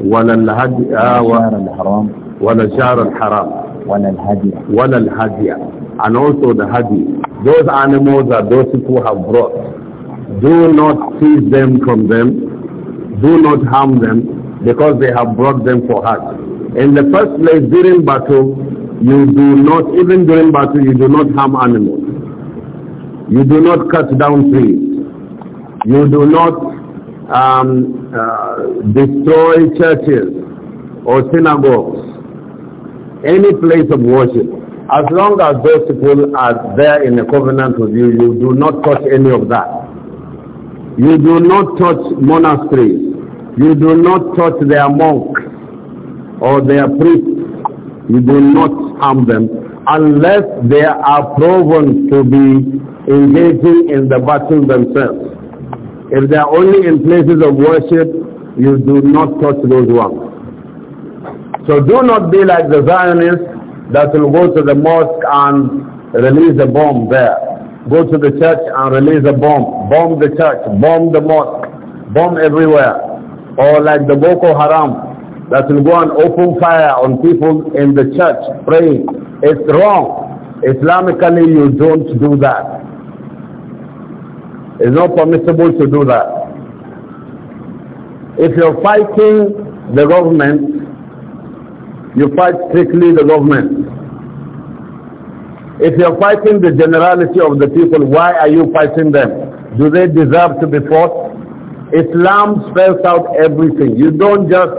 ولا الهدي ولا الحرام ولا شعر الحرام ولا الهدي ولا الهدي and also the hadi those animals are those who have brought do not seize them from them do not harm them because they have brought them for hajj in the first place during battle you do not even during battle you do not harm animals you do not cut down trees. You do not um, uh, destroy churches or synagogues. Any place of worship. As long as those people are there in a covenant with you, you do not touch any of that. You do not touch monasteries. You do not touch their monks or their priests. You do not harm them unless they are proven to be engaging in the battle themselves. If they are only in places of worship, you do not touch those ones. So do not be like the Zionists that will go to the mosque and release a bomb there. Go to the church and release a bomb. Bomb the church, bomb the mosque, bomb everywhere. Or like the Boko Haram that will go and open fire on people in the church praying. It's wrong. Islamically, you don't do that. It's not permissible to do that. If you're fighting the government, you fight strictly the government. If you're fighting the generality of the people, why are you fighting them? Do they deserve to be fought? Islam spells out everything. You don't just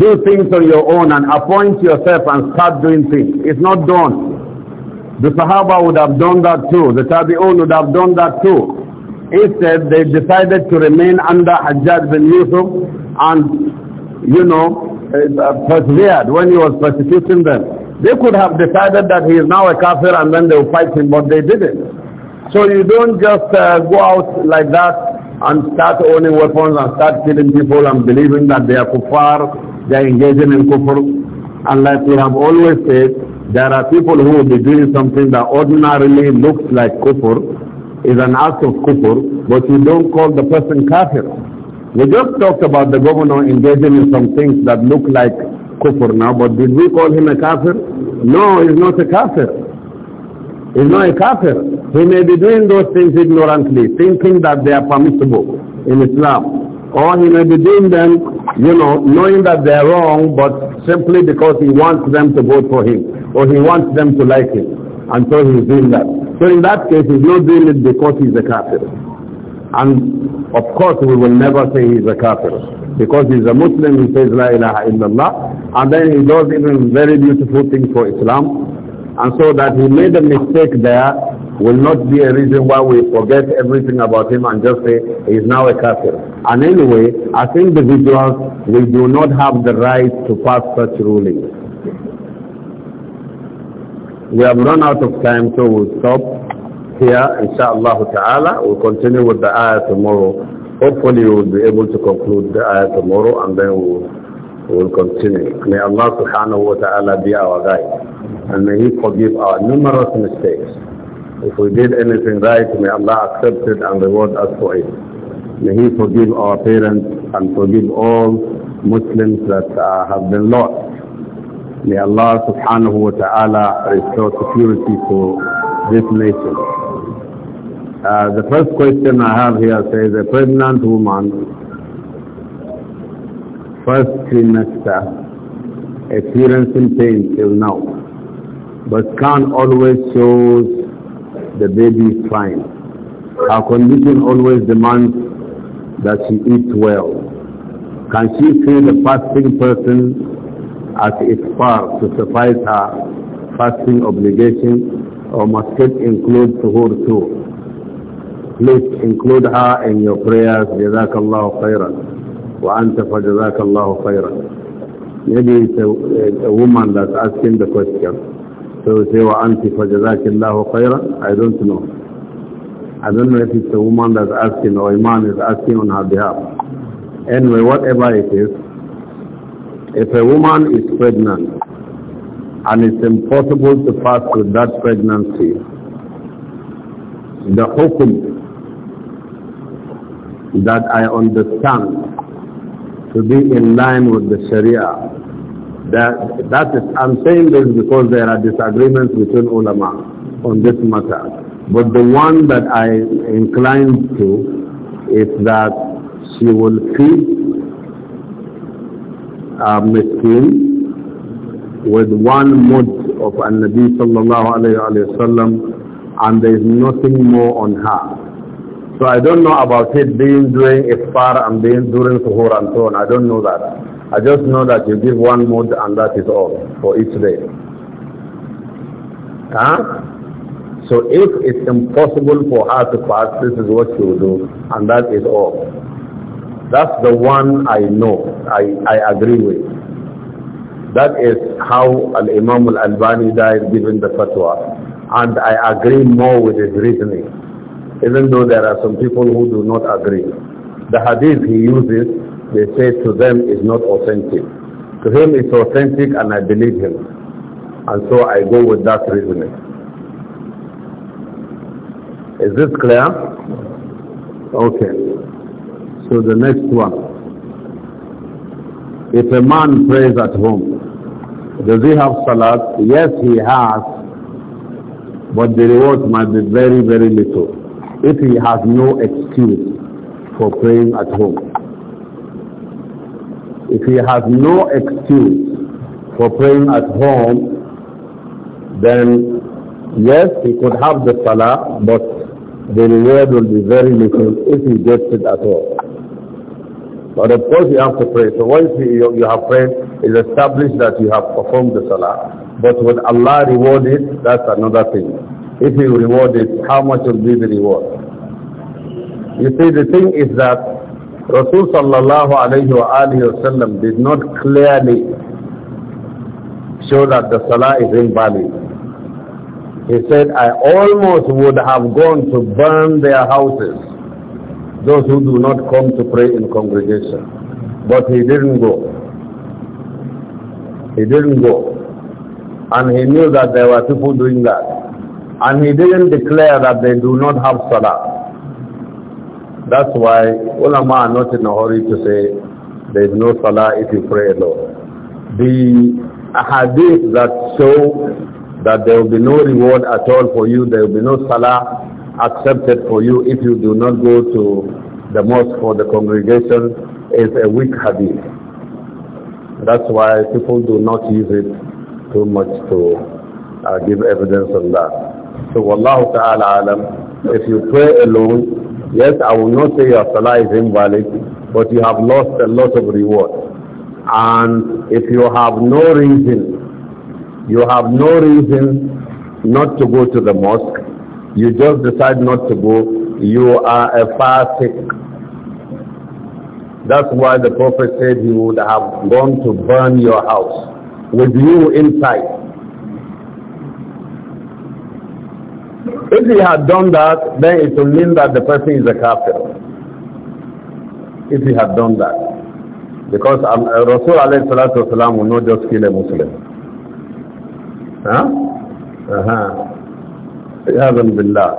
do things on your own and appoint yourself and start doing things. It's not done. The Sahaba would have done that too. The Tabi'un would have done that too. Instead, they decided to remain under Hajjaj bin Yusuf and, you know, uh, uh, persevered when he was persecuting them. They could have decided that he is now a kafir and then they will fight him, but they didn't. So you don't just uh, go out like that and start owning weapons and start killing people and believing that they are kuffar, they are engaging in kufr. And like we have always said, there are people who will be doing something that ordinarily looks like kufr, is an act of kufr, but you don't call the person kafir. We just talked about the governor engaging in some things that look like kufr now, but did we call him a kafir? No, he's not a kafir. He's not a kafir. He may be doing those things ignorantly, thinking that they are permissible in Islam. Or he may be doing them, you know, knowing that they are wrong, but simply because he wants them to vote for him, or he wants them to like him and so he's doing that. So in that case, he's not doing it because he's a kafir. And of course, we will never say he's a kafir. Because he's a Muslim, he says La ilaha illallah. And then he does even very beautiful things for Islam. And so that he made a mistake there will not be a reason why we forget everything about him and just say he's now a kafir. And anyway, as individuals, we do not have the right to pass such rulings. We have run out of time, so we'll stop here, inshallah ta'ala. We'll continue with the ayah tomorrow. Hopefully we'll be able to conclude the ayah tomorrow and then we'll, we'll continue. May Allah subhanahu wa ta'ala be our guide. And may He forgive our numerous mistakes. If we did anything right, may Allah accept it and reward us for it. May He forgive our parents and forgive all Muslims that uh, have been lost. May Allah subhanahu wa ta'ala restore security to this nation. Uh, the first question I have here says a pregnant woman, first trimester, experiencing pain till now, but scan always shows the baby is fine. Her condition always demands that she eats well. Can she feel the fasting person as far to suffice her fasting obligation or must it include suhoor too. Please include her in your prayers. Jazakallahu khairan. Wa anta fajazakallahu khairan. Maybe it's a, a, woman that's asking the question. So we say wa anti fajazakallahu khairan. I don't know. I don't know if it's a woman that's asking or a man is asking on her behalf. Anyway, whatever it is, if a woman is pregnant and it's impossible to pass with that pregnancy, the hukum that I understand to be in line with the Sharia, that, that is, I'm saying this because there are disagreements between ulama on this matter. But the one that I incline to is that she will feed uh, miskin with one mud of an Nabi sallallahu alayhi wa sallam and there is nothing more on her. So I don't know about it being during iftar and being during suhoor and so on. I don't know that. I just know that you give one mud and that is all for each day. Huh? So if it's impossible for her to fast, this is what she will do and that is all. That's the one I know, I, I agree with. That is how Al-Imam Al-Albani died giving the fatwa. And I agree more with his reasoning, even though there are some people who do not agree. The hadith he uses, they say to them is not authentic. To him it's authentic and I believe him. And so I go with that reasoning. Is this clear? Okay. So the next one. If a man prays at home, does he have salat? Yes, he has, but the reward might be very, very little. If he has no excuse for praying at home. If he has no excuse for praying at home, then yes, he could have the salah, but the reward will be very little if he gets it at all. But of course you have to pray. So once you, you have prayed, it's established that you have performed the salah. But when Allah reward it? That's another thing. If He reward it, how much will be the reward? You see, the thing is that Rasul sallallahu alayhi wa sallam did not clearly show that the salah is invalid. He said, I almost would have gone to burn their houses those who do not come to pray in congregation. But he didn't go. He didn't go. And he knew that there were people doing that. And he didn't declare that they do not have salah. That's why ulama are not in a hurry to say there is no salah if you pray alone. The hadith that show that there will be no reward at all for you, there will be no salah, accepted for you if you do not go to the mosque for the congregation is a weak hadith. That's why people do not use it too much to uh, give evidence on that. So Wallahu ta'ala alam, if you pray alone, yes, I will not say your salah is invalid, but you have lost a lot of reward. And if you have no reason, you have no reason not to go to the mosque, you just decide not to go. You are a fasik. That's why the Prophet said he would have gone to burn your house with you inside. If he had done that, then it would mean that the person is a kafir. If he had done that. Because Rasulullah um, Rasul alayhi salatu wasalam will not just kill a Muslim. Huh? Uh-huh. Iyazan Billah.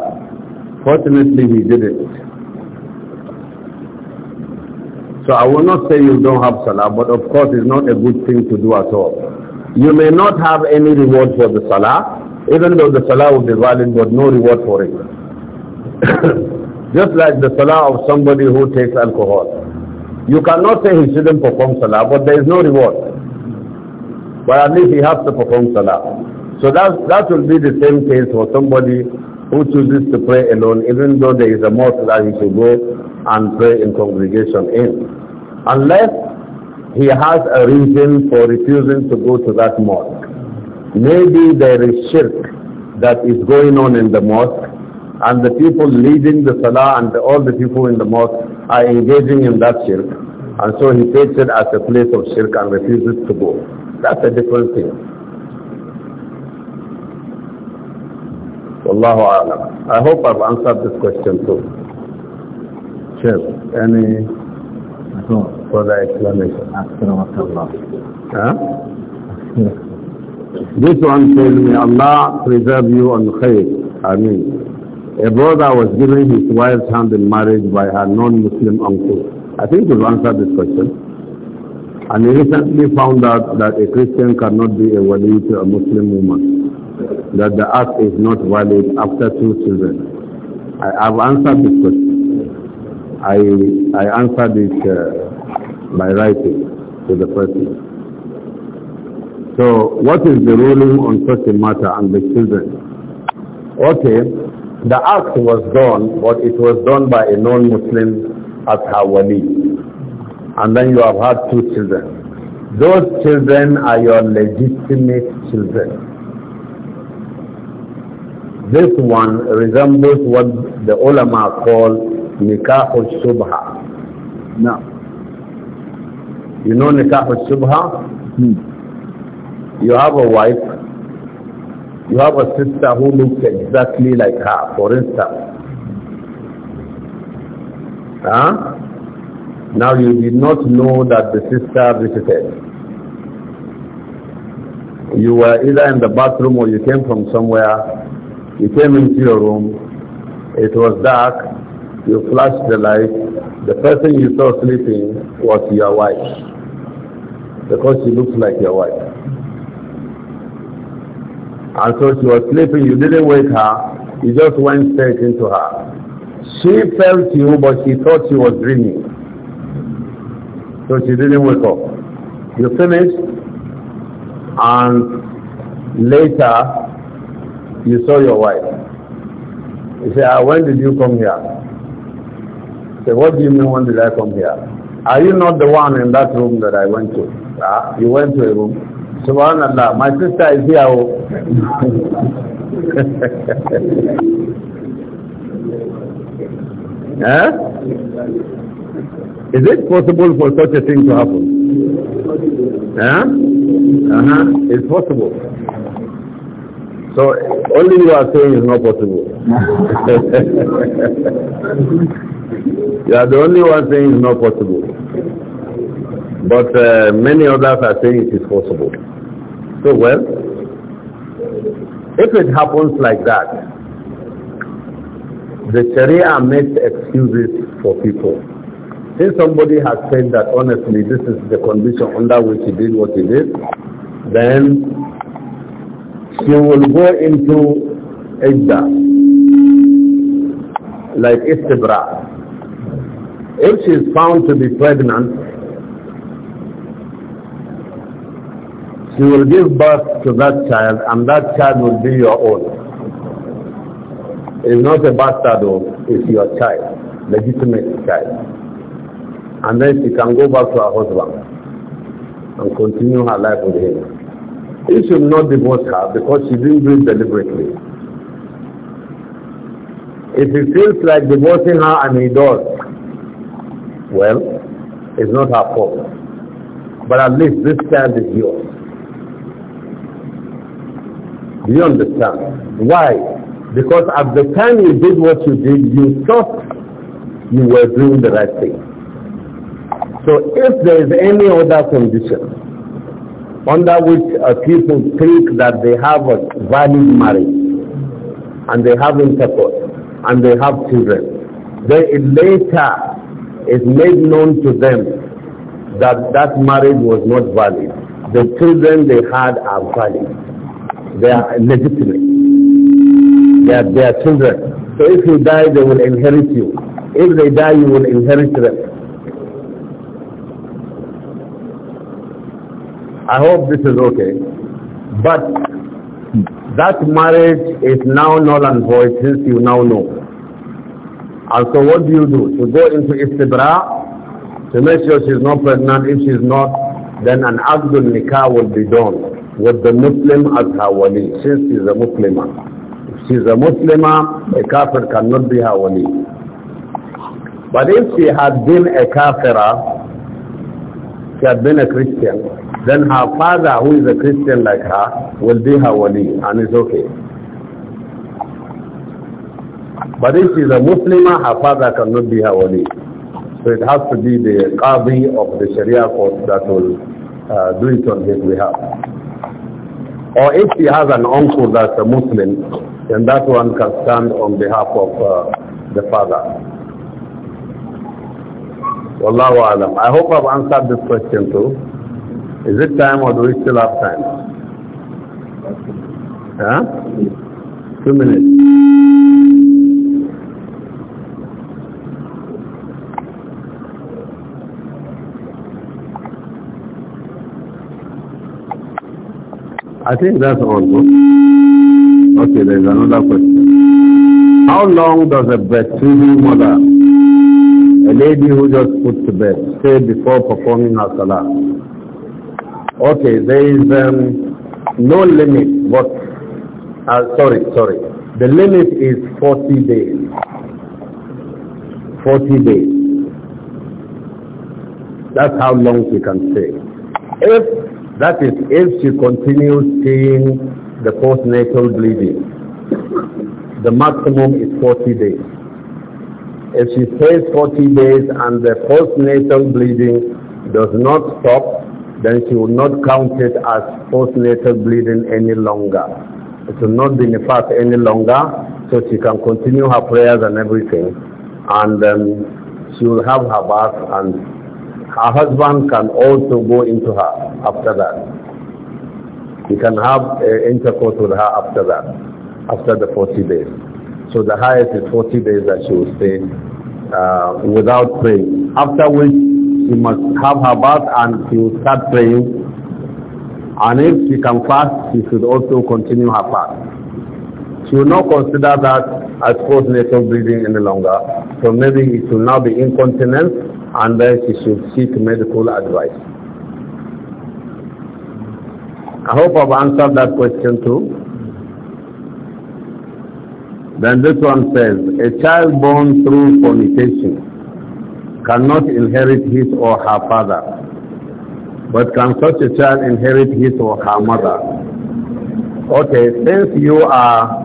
Fortunately, he did it. So I will not say you don't have salah, but of course it's not a good thing to do at all. You may not have any reward for the salah, even though the salah will be valid, but no reward for it. Just like the salah of somebody who takes alcohol. You cannot say he shouldn't perform salah, but there is no reward. But at least he has to perform salah. So that, that will be the same case for somebody who chooses to pray alone, even though there is a mosque that he should go and pray in congregation in. Unless he has a reason for refusing to go to that mosque. Maybe there is shirk that is going on in the mosque and the people leading the salah and the, all the people in the mosque are engaging in that shirk and so he takes it as a place of shirk and refuses to go. That's a different thing. Allahu alam. I hope I've answered this question too. Sure. Any no. further explanation?
Huh?
this one says, may Allah preserve you on khair. I mean, a brother was given his wife's hand in marriage by her non-Muslim uncle. I think we've answered this question. And he recently found out that a Christian cannot be a wali to a Muslim woman that the act is not valid after two children. I have answered this question. I I answered it uh, by writing to the person. So what is the ruling on such a matter and the children? Okay, the act was done, but it was done by a non-Muslim at her And then you have had two children. Those children are your legitimate children. This one resembles what the ulama call nikah al-shubha. Now, you know nikah al-shubha? Hmm. You have a wife, you have a sister who looks exactly like her, for instance. Huh? Now you did not know that the sister visited you were either in the bathroom or you came from somewhere you came into your room, it was dark, you flashed the light, the person you saw sleeping was your wife. Because she looked like your wife. And so she was sleeping, you didn't wake her, you just went straight into her. She felt you, but she thought she was dreaming. So she didn't wake up. You finished, and later you saw your wife. You say, ah, when did you come here? You say, what do you mean when did I come here? Are you not the one in that room that I went to? Ah, you went to a room. SubhanAllah, my sister is here. Oh. eh? Is it possible for such a thing to
happen?
Eh? Uh-huh. It's possible. So only you are saying is not possible. you are the only one saying it's not possible. But uh, many others are saying it is possible. So well, if it happens like that, the Sharia makes excuses for people. If somebody has said that honestly this is the condition under which he did what he did, then she will go into iddah, like istibra. If she is found to be pregnant, she will give birth to that child and that child will be your own. It's not a bastard though, it's your child, legitimate child. And then she can go back to her husband and continue her life with him. You should not divorce her because she didn't do it deliberately. If he feels like divorcing her and he does, well, it's not her fault. But at least this child is yours. Do you understand? Why? Because at the time you did what you did, you thought you were doing the right thing. So if there is any other condition, under which uh, people think that they have a valid marriage and they have intercourse and they have children. Then it later is made known to them that that marriage was not valid. The children they had are valid. They are legitimate. They are their children. So if you die, they will inherit you. If they die, you will inherit them. I hope this is okay. But that marriage is now null and void since you now know. And so what do you do? To go into istibra, to make sure she's not pregnant. If she's not, then an abdul nikah will be done with the Muslim as her wali, since she's a Muslim. If she's a Muslimah, a kafir cannot be her wali. But if she had been a kafirah, she had been a Christian, then her father, who is a Christian like her, will be her wali, and it's okay. But if she is a Muslima, her father cannot be her wali. So it has to be the qadi of the Sharia court that will uh, do it on his behalf. Or if she has an uncle that's a Muslim, then that one can stand on behalf of uh, the father. Wallahu alam. I hope I've answered this question too. Is it time or do we still have time? Huh? Two minutes. I think that's all. Okay, there's another question. How long does a breastfeeding mother a lady who just put to bed, say before performing her salah. Okay, there is um, no limit, What? uh, sorry, sorry. The limit is 40 days. 40 days. That's how long she can stay.
If,
that is, if she continues seeing the postnatal bleeding, the maximum is 40 days. If she stays 40 days and the postnatal bleeding does not stop, then she will not count it as postnatal bleeding any longer. It will not be fast any longer, so she can continue her prayers and everything. And um, she will have her bath and her husband can also go into her after that. He can have uh, intercourse with her after that, after the 40 days. So the highest is 40 days that she will stay uh, without praying. After which she must have her bath and she will start praying. And if she can fast, she should also continue her fast. She will not consider that as postnatal bleeding any longer. So maybe it will now be incontinence and then she should seek medical advice. I hope I've answered that question too. Then this one says, a child born through fornication cannot inherit his or her father, but can such a child inherit his or her mother? Okay, since you are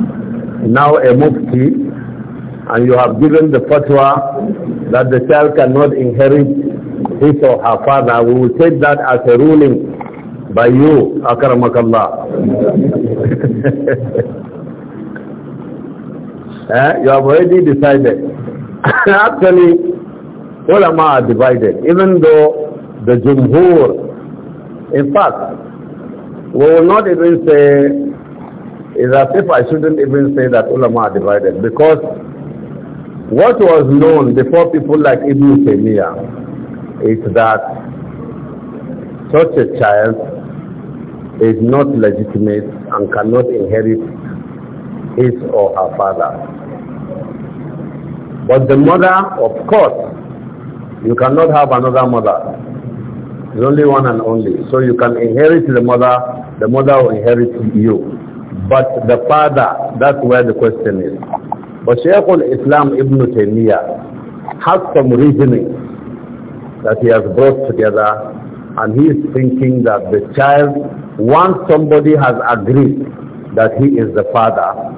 now a mufti and you have given the fatwa that the child cannot inherit his or her father, we will take that as a ruling by you, akramakallah. Eh? You have already decided. Actually, ulama are divided, even though the jumhur, in fact, we will not even say, it's as if I shouldn't even say that ulama are divided, because what was known before people like Ibn Taymiyyah is that such a child is not legitimate and cannot inherit his or her father. But the mother, of course, you cannot have another mother. There's only one and only. So you can inherit the mother, the mother will inherit you. But the father, that's where the question is. But Shaykh al-Islam Ibn Taymiyyah has some reasoning that he has brought together and he is thinking that the child, once somebody has agreed that he is the father,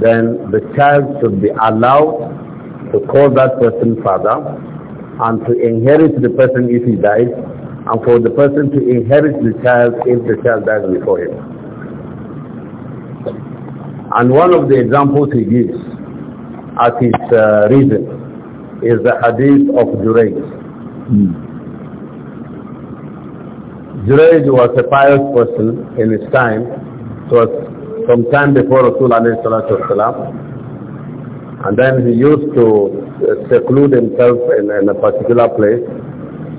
then the child should be allowed to call that person father and to inherit the person if he dies and for the person to inherit the child if the child dies before him. And one of the examples he gives as his uh, reason is the hadith of Jurayj. Mm. was a pious person in his time. It was some time before Rasul alayhi salatu wasalam. And then he used to uh, seclude himself in, in a particular place.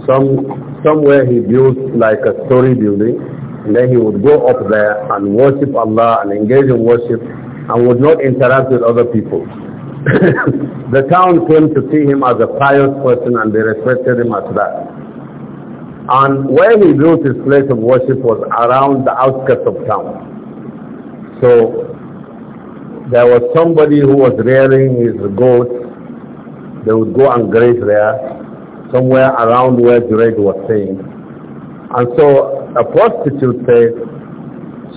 Some, somewhere he built like a story building. And then he would go up there and worship Allah and engage in worship and would not interact with other people. the town came to see him as a pious person and they respected him as that. And where he built his place of worship was around the outskirts of town. So there was somebody who was rearing his goats. They would go and graze there, somewhere around where Jureid was staying. And so a prostitute said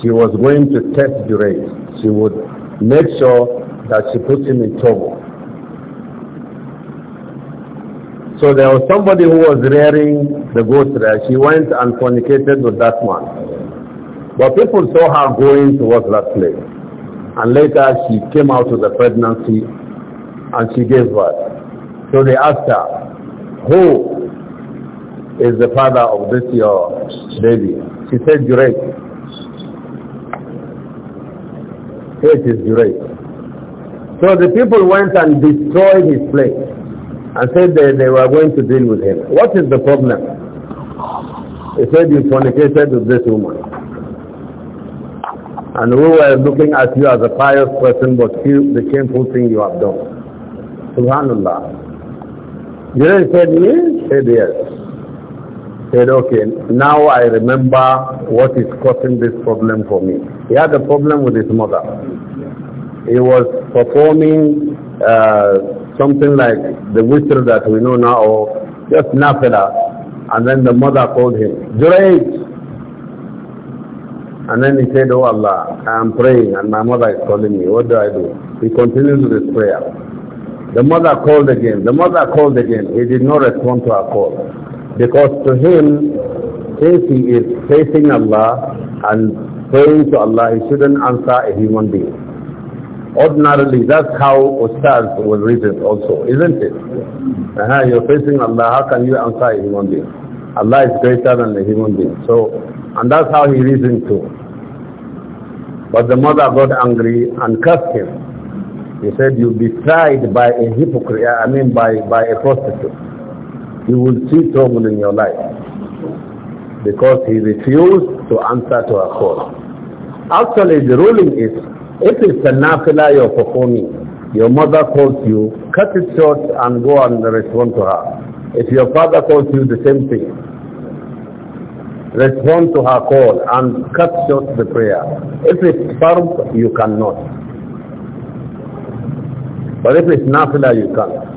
she was going to test Jureid. She would make sure that she puts him in trouble. So there was somebody who was rearing the goats there. She went and fornicated with that man. But people saw her going towards that place. And later she came out of the pregnancy and she gave birth. So they asked her, who is the father of this your baby? She said, Jurek. It is Jurek. So the people went and destroyed his place and said they, they were going to deal with him. What is the problem? He said, you fornicated with this woman. And we were looking at you as a pious person, but you, the shameful thing you have done. Subhanallah. You know, he said, yes? said, yes. said, okay, now I remember what is causing this problem for me. He had a problem with his mother. He was performing uh, something like the whistle that we know now, or just nafila, and then the mother called him, Juraj, and then he said, Oh Allah, I am praying and my mother is calling me. What do I do? He continued with his prayer. The mother called again. The mother called again. He did not respond to her call. Because to him, since he is facing Allah and praying to Allah, he shouldn't answer a human being. Ordinarily, that's how Ustaz was written also, isn't it? Uh -huh, you're facing Allah, how can you answer a human being? Allah is greater than a human being. So, and that's how he reasoned too. But the mother got angry and cursed him. He said, you'll be tried by a hypocrite, I mean by, by a prostitute. You will see trouble in your life. Because he refused to answer to her call. Actually, the ruling is, if it's a nafila you're performing, your mother calls you, cut it short and go and respond to her. If your father calls you, the same thing respond to her call and cut short the prayer. If it's fard, you cannot. But if it's nafila, you can.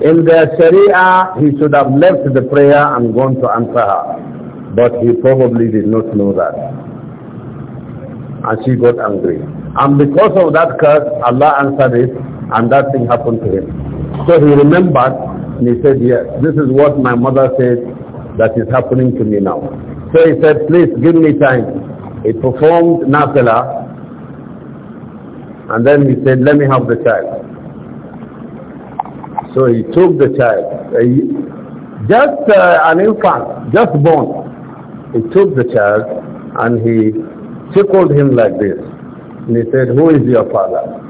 In the sharia, he should have left the prayer and gone to answer her. But he probably did not know that. And she got angry. And because of that curse, Allah answered it, and that thing happened to him. So he remembered, and he said, yes, this is what my mother said that is happening to me now. So he said, please give me time. He performed nafila and then he said, let me have the child. So he took the child, just uh, an infant, just born. He took the child and he tickled him like this. And he said, who is your father?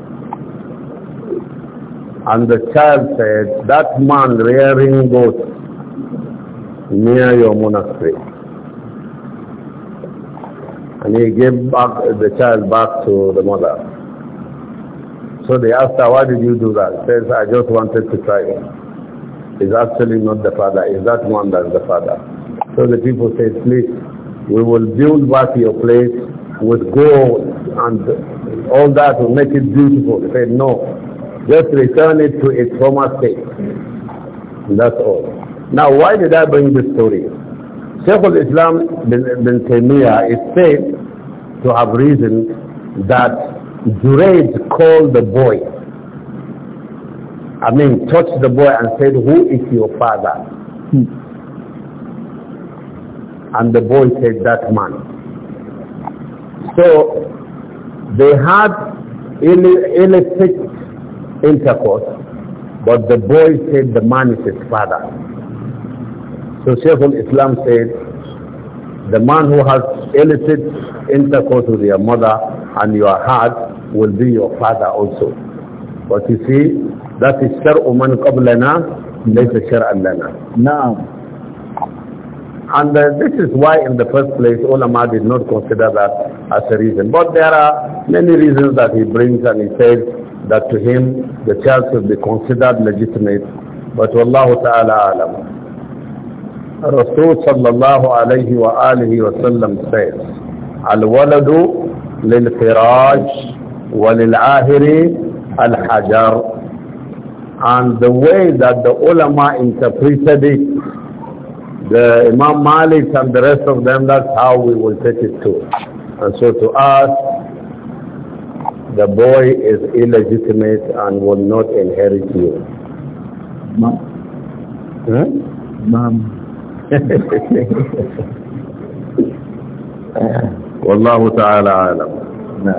And the child said, that man rearing goats near your monastery. And he gave back the child back to the mother. So they asked her, why did you do that? says, I just wanted to try It's actually not the father. Is that one that's the father. So the people said, please, we will build back your place with gold and all that will make it beautiful. They said, no, just return it to its former state. And that's all. Now, why did I bring this story? Sheikh al-Islam bin, bin Taymiyyah is said to have reasoned that Duraid called the boy, I mean touched the boy and said, who is your father? Hmm. And the boy said, that man. So they had illicit intercourse, but the boy said the man is his father. So Shaykh al-Islam said, the man who has illicit intercourse with your mother and your heart will be your father also. But you see, that is shar'u man qablana, laysa shar'an lana. Now. And uh, this is why in the first place ulama did not consider that as a reason. But there are many reasons that he brings and he says that to him the child should be considered legitimate. But Wallahu ta'ala alam. The Prophet alayhi wa alihi wa sallam says, Al-waladu lil-firaj ahiri al And the way that the ulama interpreted it, the Imam Malik and the rest of them, that's how we will take it too. And so to us, the boy is illegitimate and will not inherit you.
Mom. Hmm? Huh?
Wallahu ta'ala alam. No.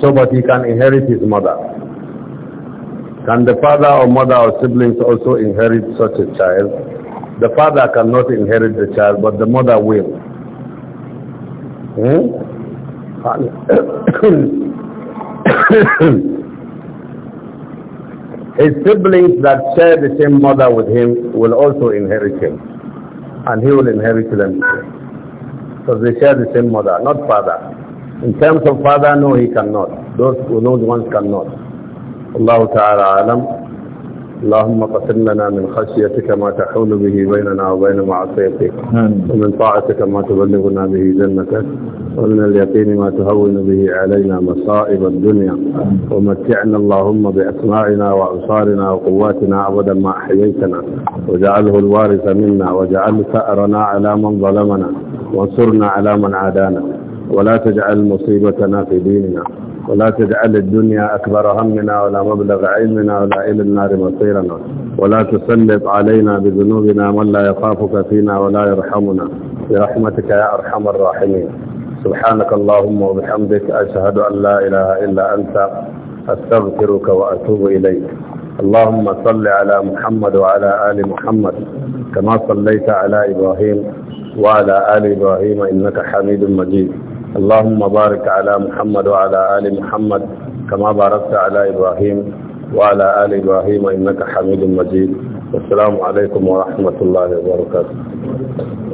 So but he can inherit his mother. Can the father or mother or siblings also inherit such a child? The father cannot inherit the child, but the mother will. Hmm? His siblings that share the same mother with him will also inherit him. And he will inherit them. Because they share the same mother, not father. In terms of father, no, he cannot. Those, those ones cannot. Allah Ta'ala Alam. اللهم قسم لنا من خشيتك ما تحول به بيننا وبين معصيتك ومن طاعتك ما تبلغنا به جنتك ومن اليقين ما تهون به علينا مصائب الدنيا ومتعنا اللهم بأسمائنا وأبصارنا وقواتنا أبدا ما أحييتنا وجعله الوارث منا وجعل ثأرنا على من ظلمنا وانصرنا على من عادانا ولا تجعل مصيبتنا في ديننا ولا تجعل الدنيا أكبر همنا ولا مبلغ علمنا ولا إلى النار مصيرنا ولا تسلط علينا بذنوبنا من لا يخافك فينا ولا يرحمنا برحمتك يا أرحم الراحمين سبحانك اللهم وبحمدك أشهد أن لا إله إلا أنت أستغفرك وأتوب إليك اللهم صل على محمد وعلى آل محمد كما صليت على إبراهيم وعلى آل إبراهيم إنك حميد مجيد اللهم بارك على محمد وعلى آل محمد كما باركت على إبراهيم وعلى آل إبراهيم إنك حميد مجيد والسلام عليكم ورحمة الله وبركاته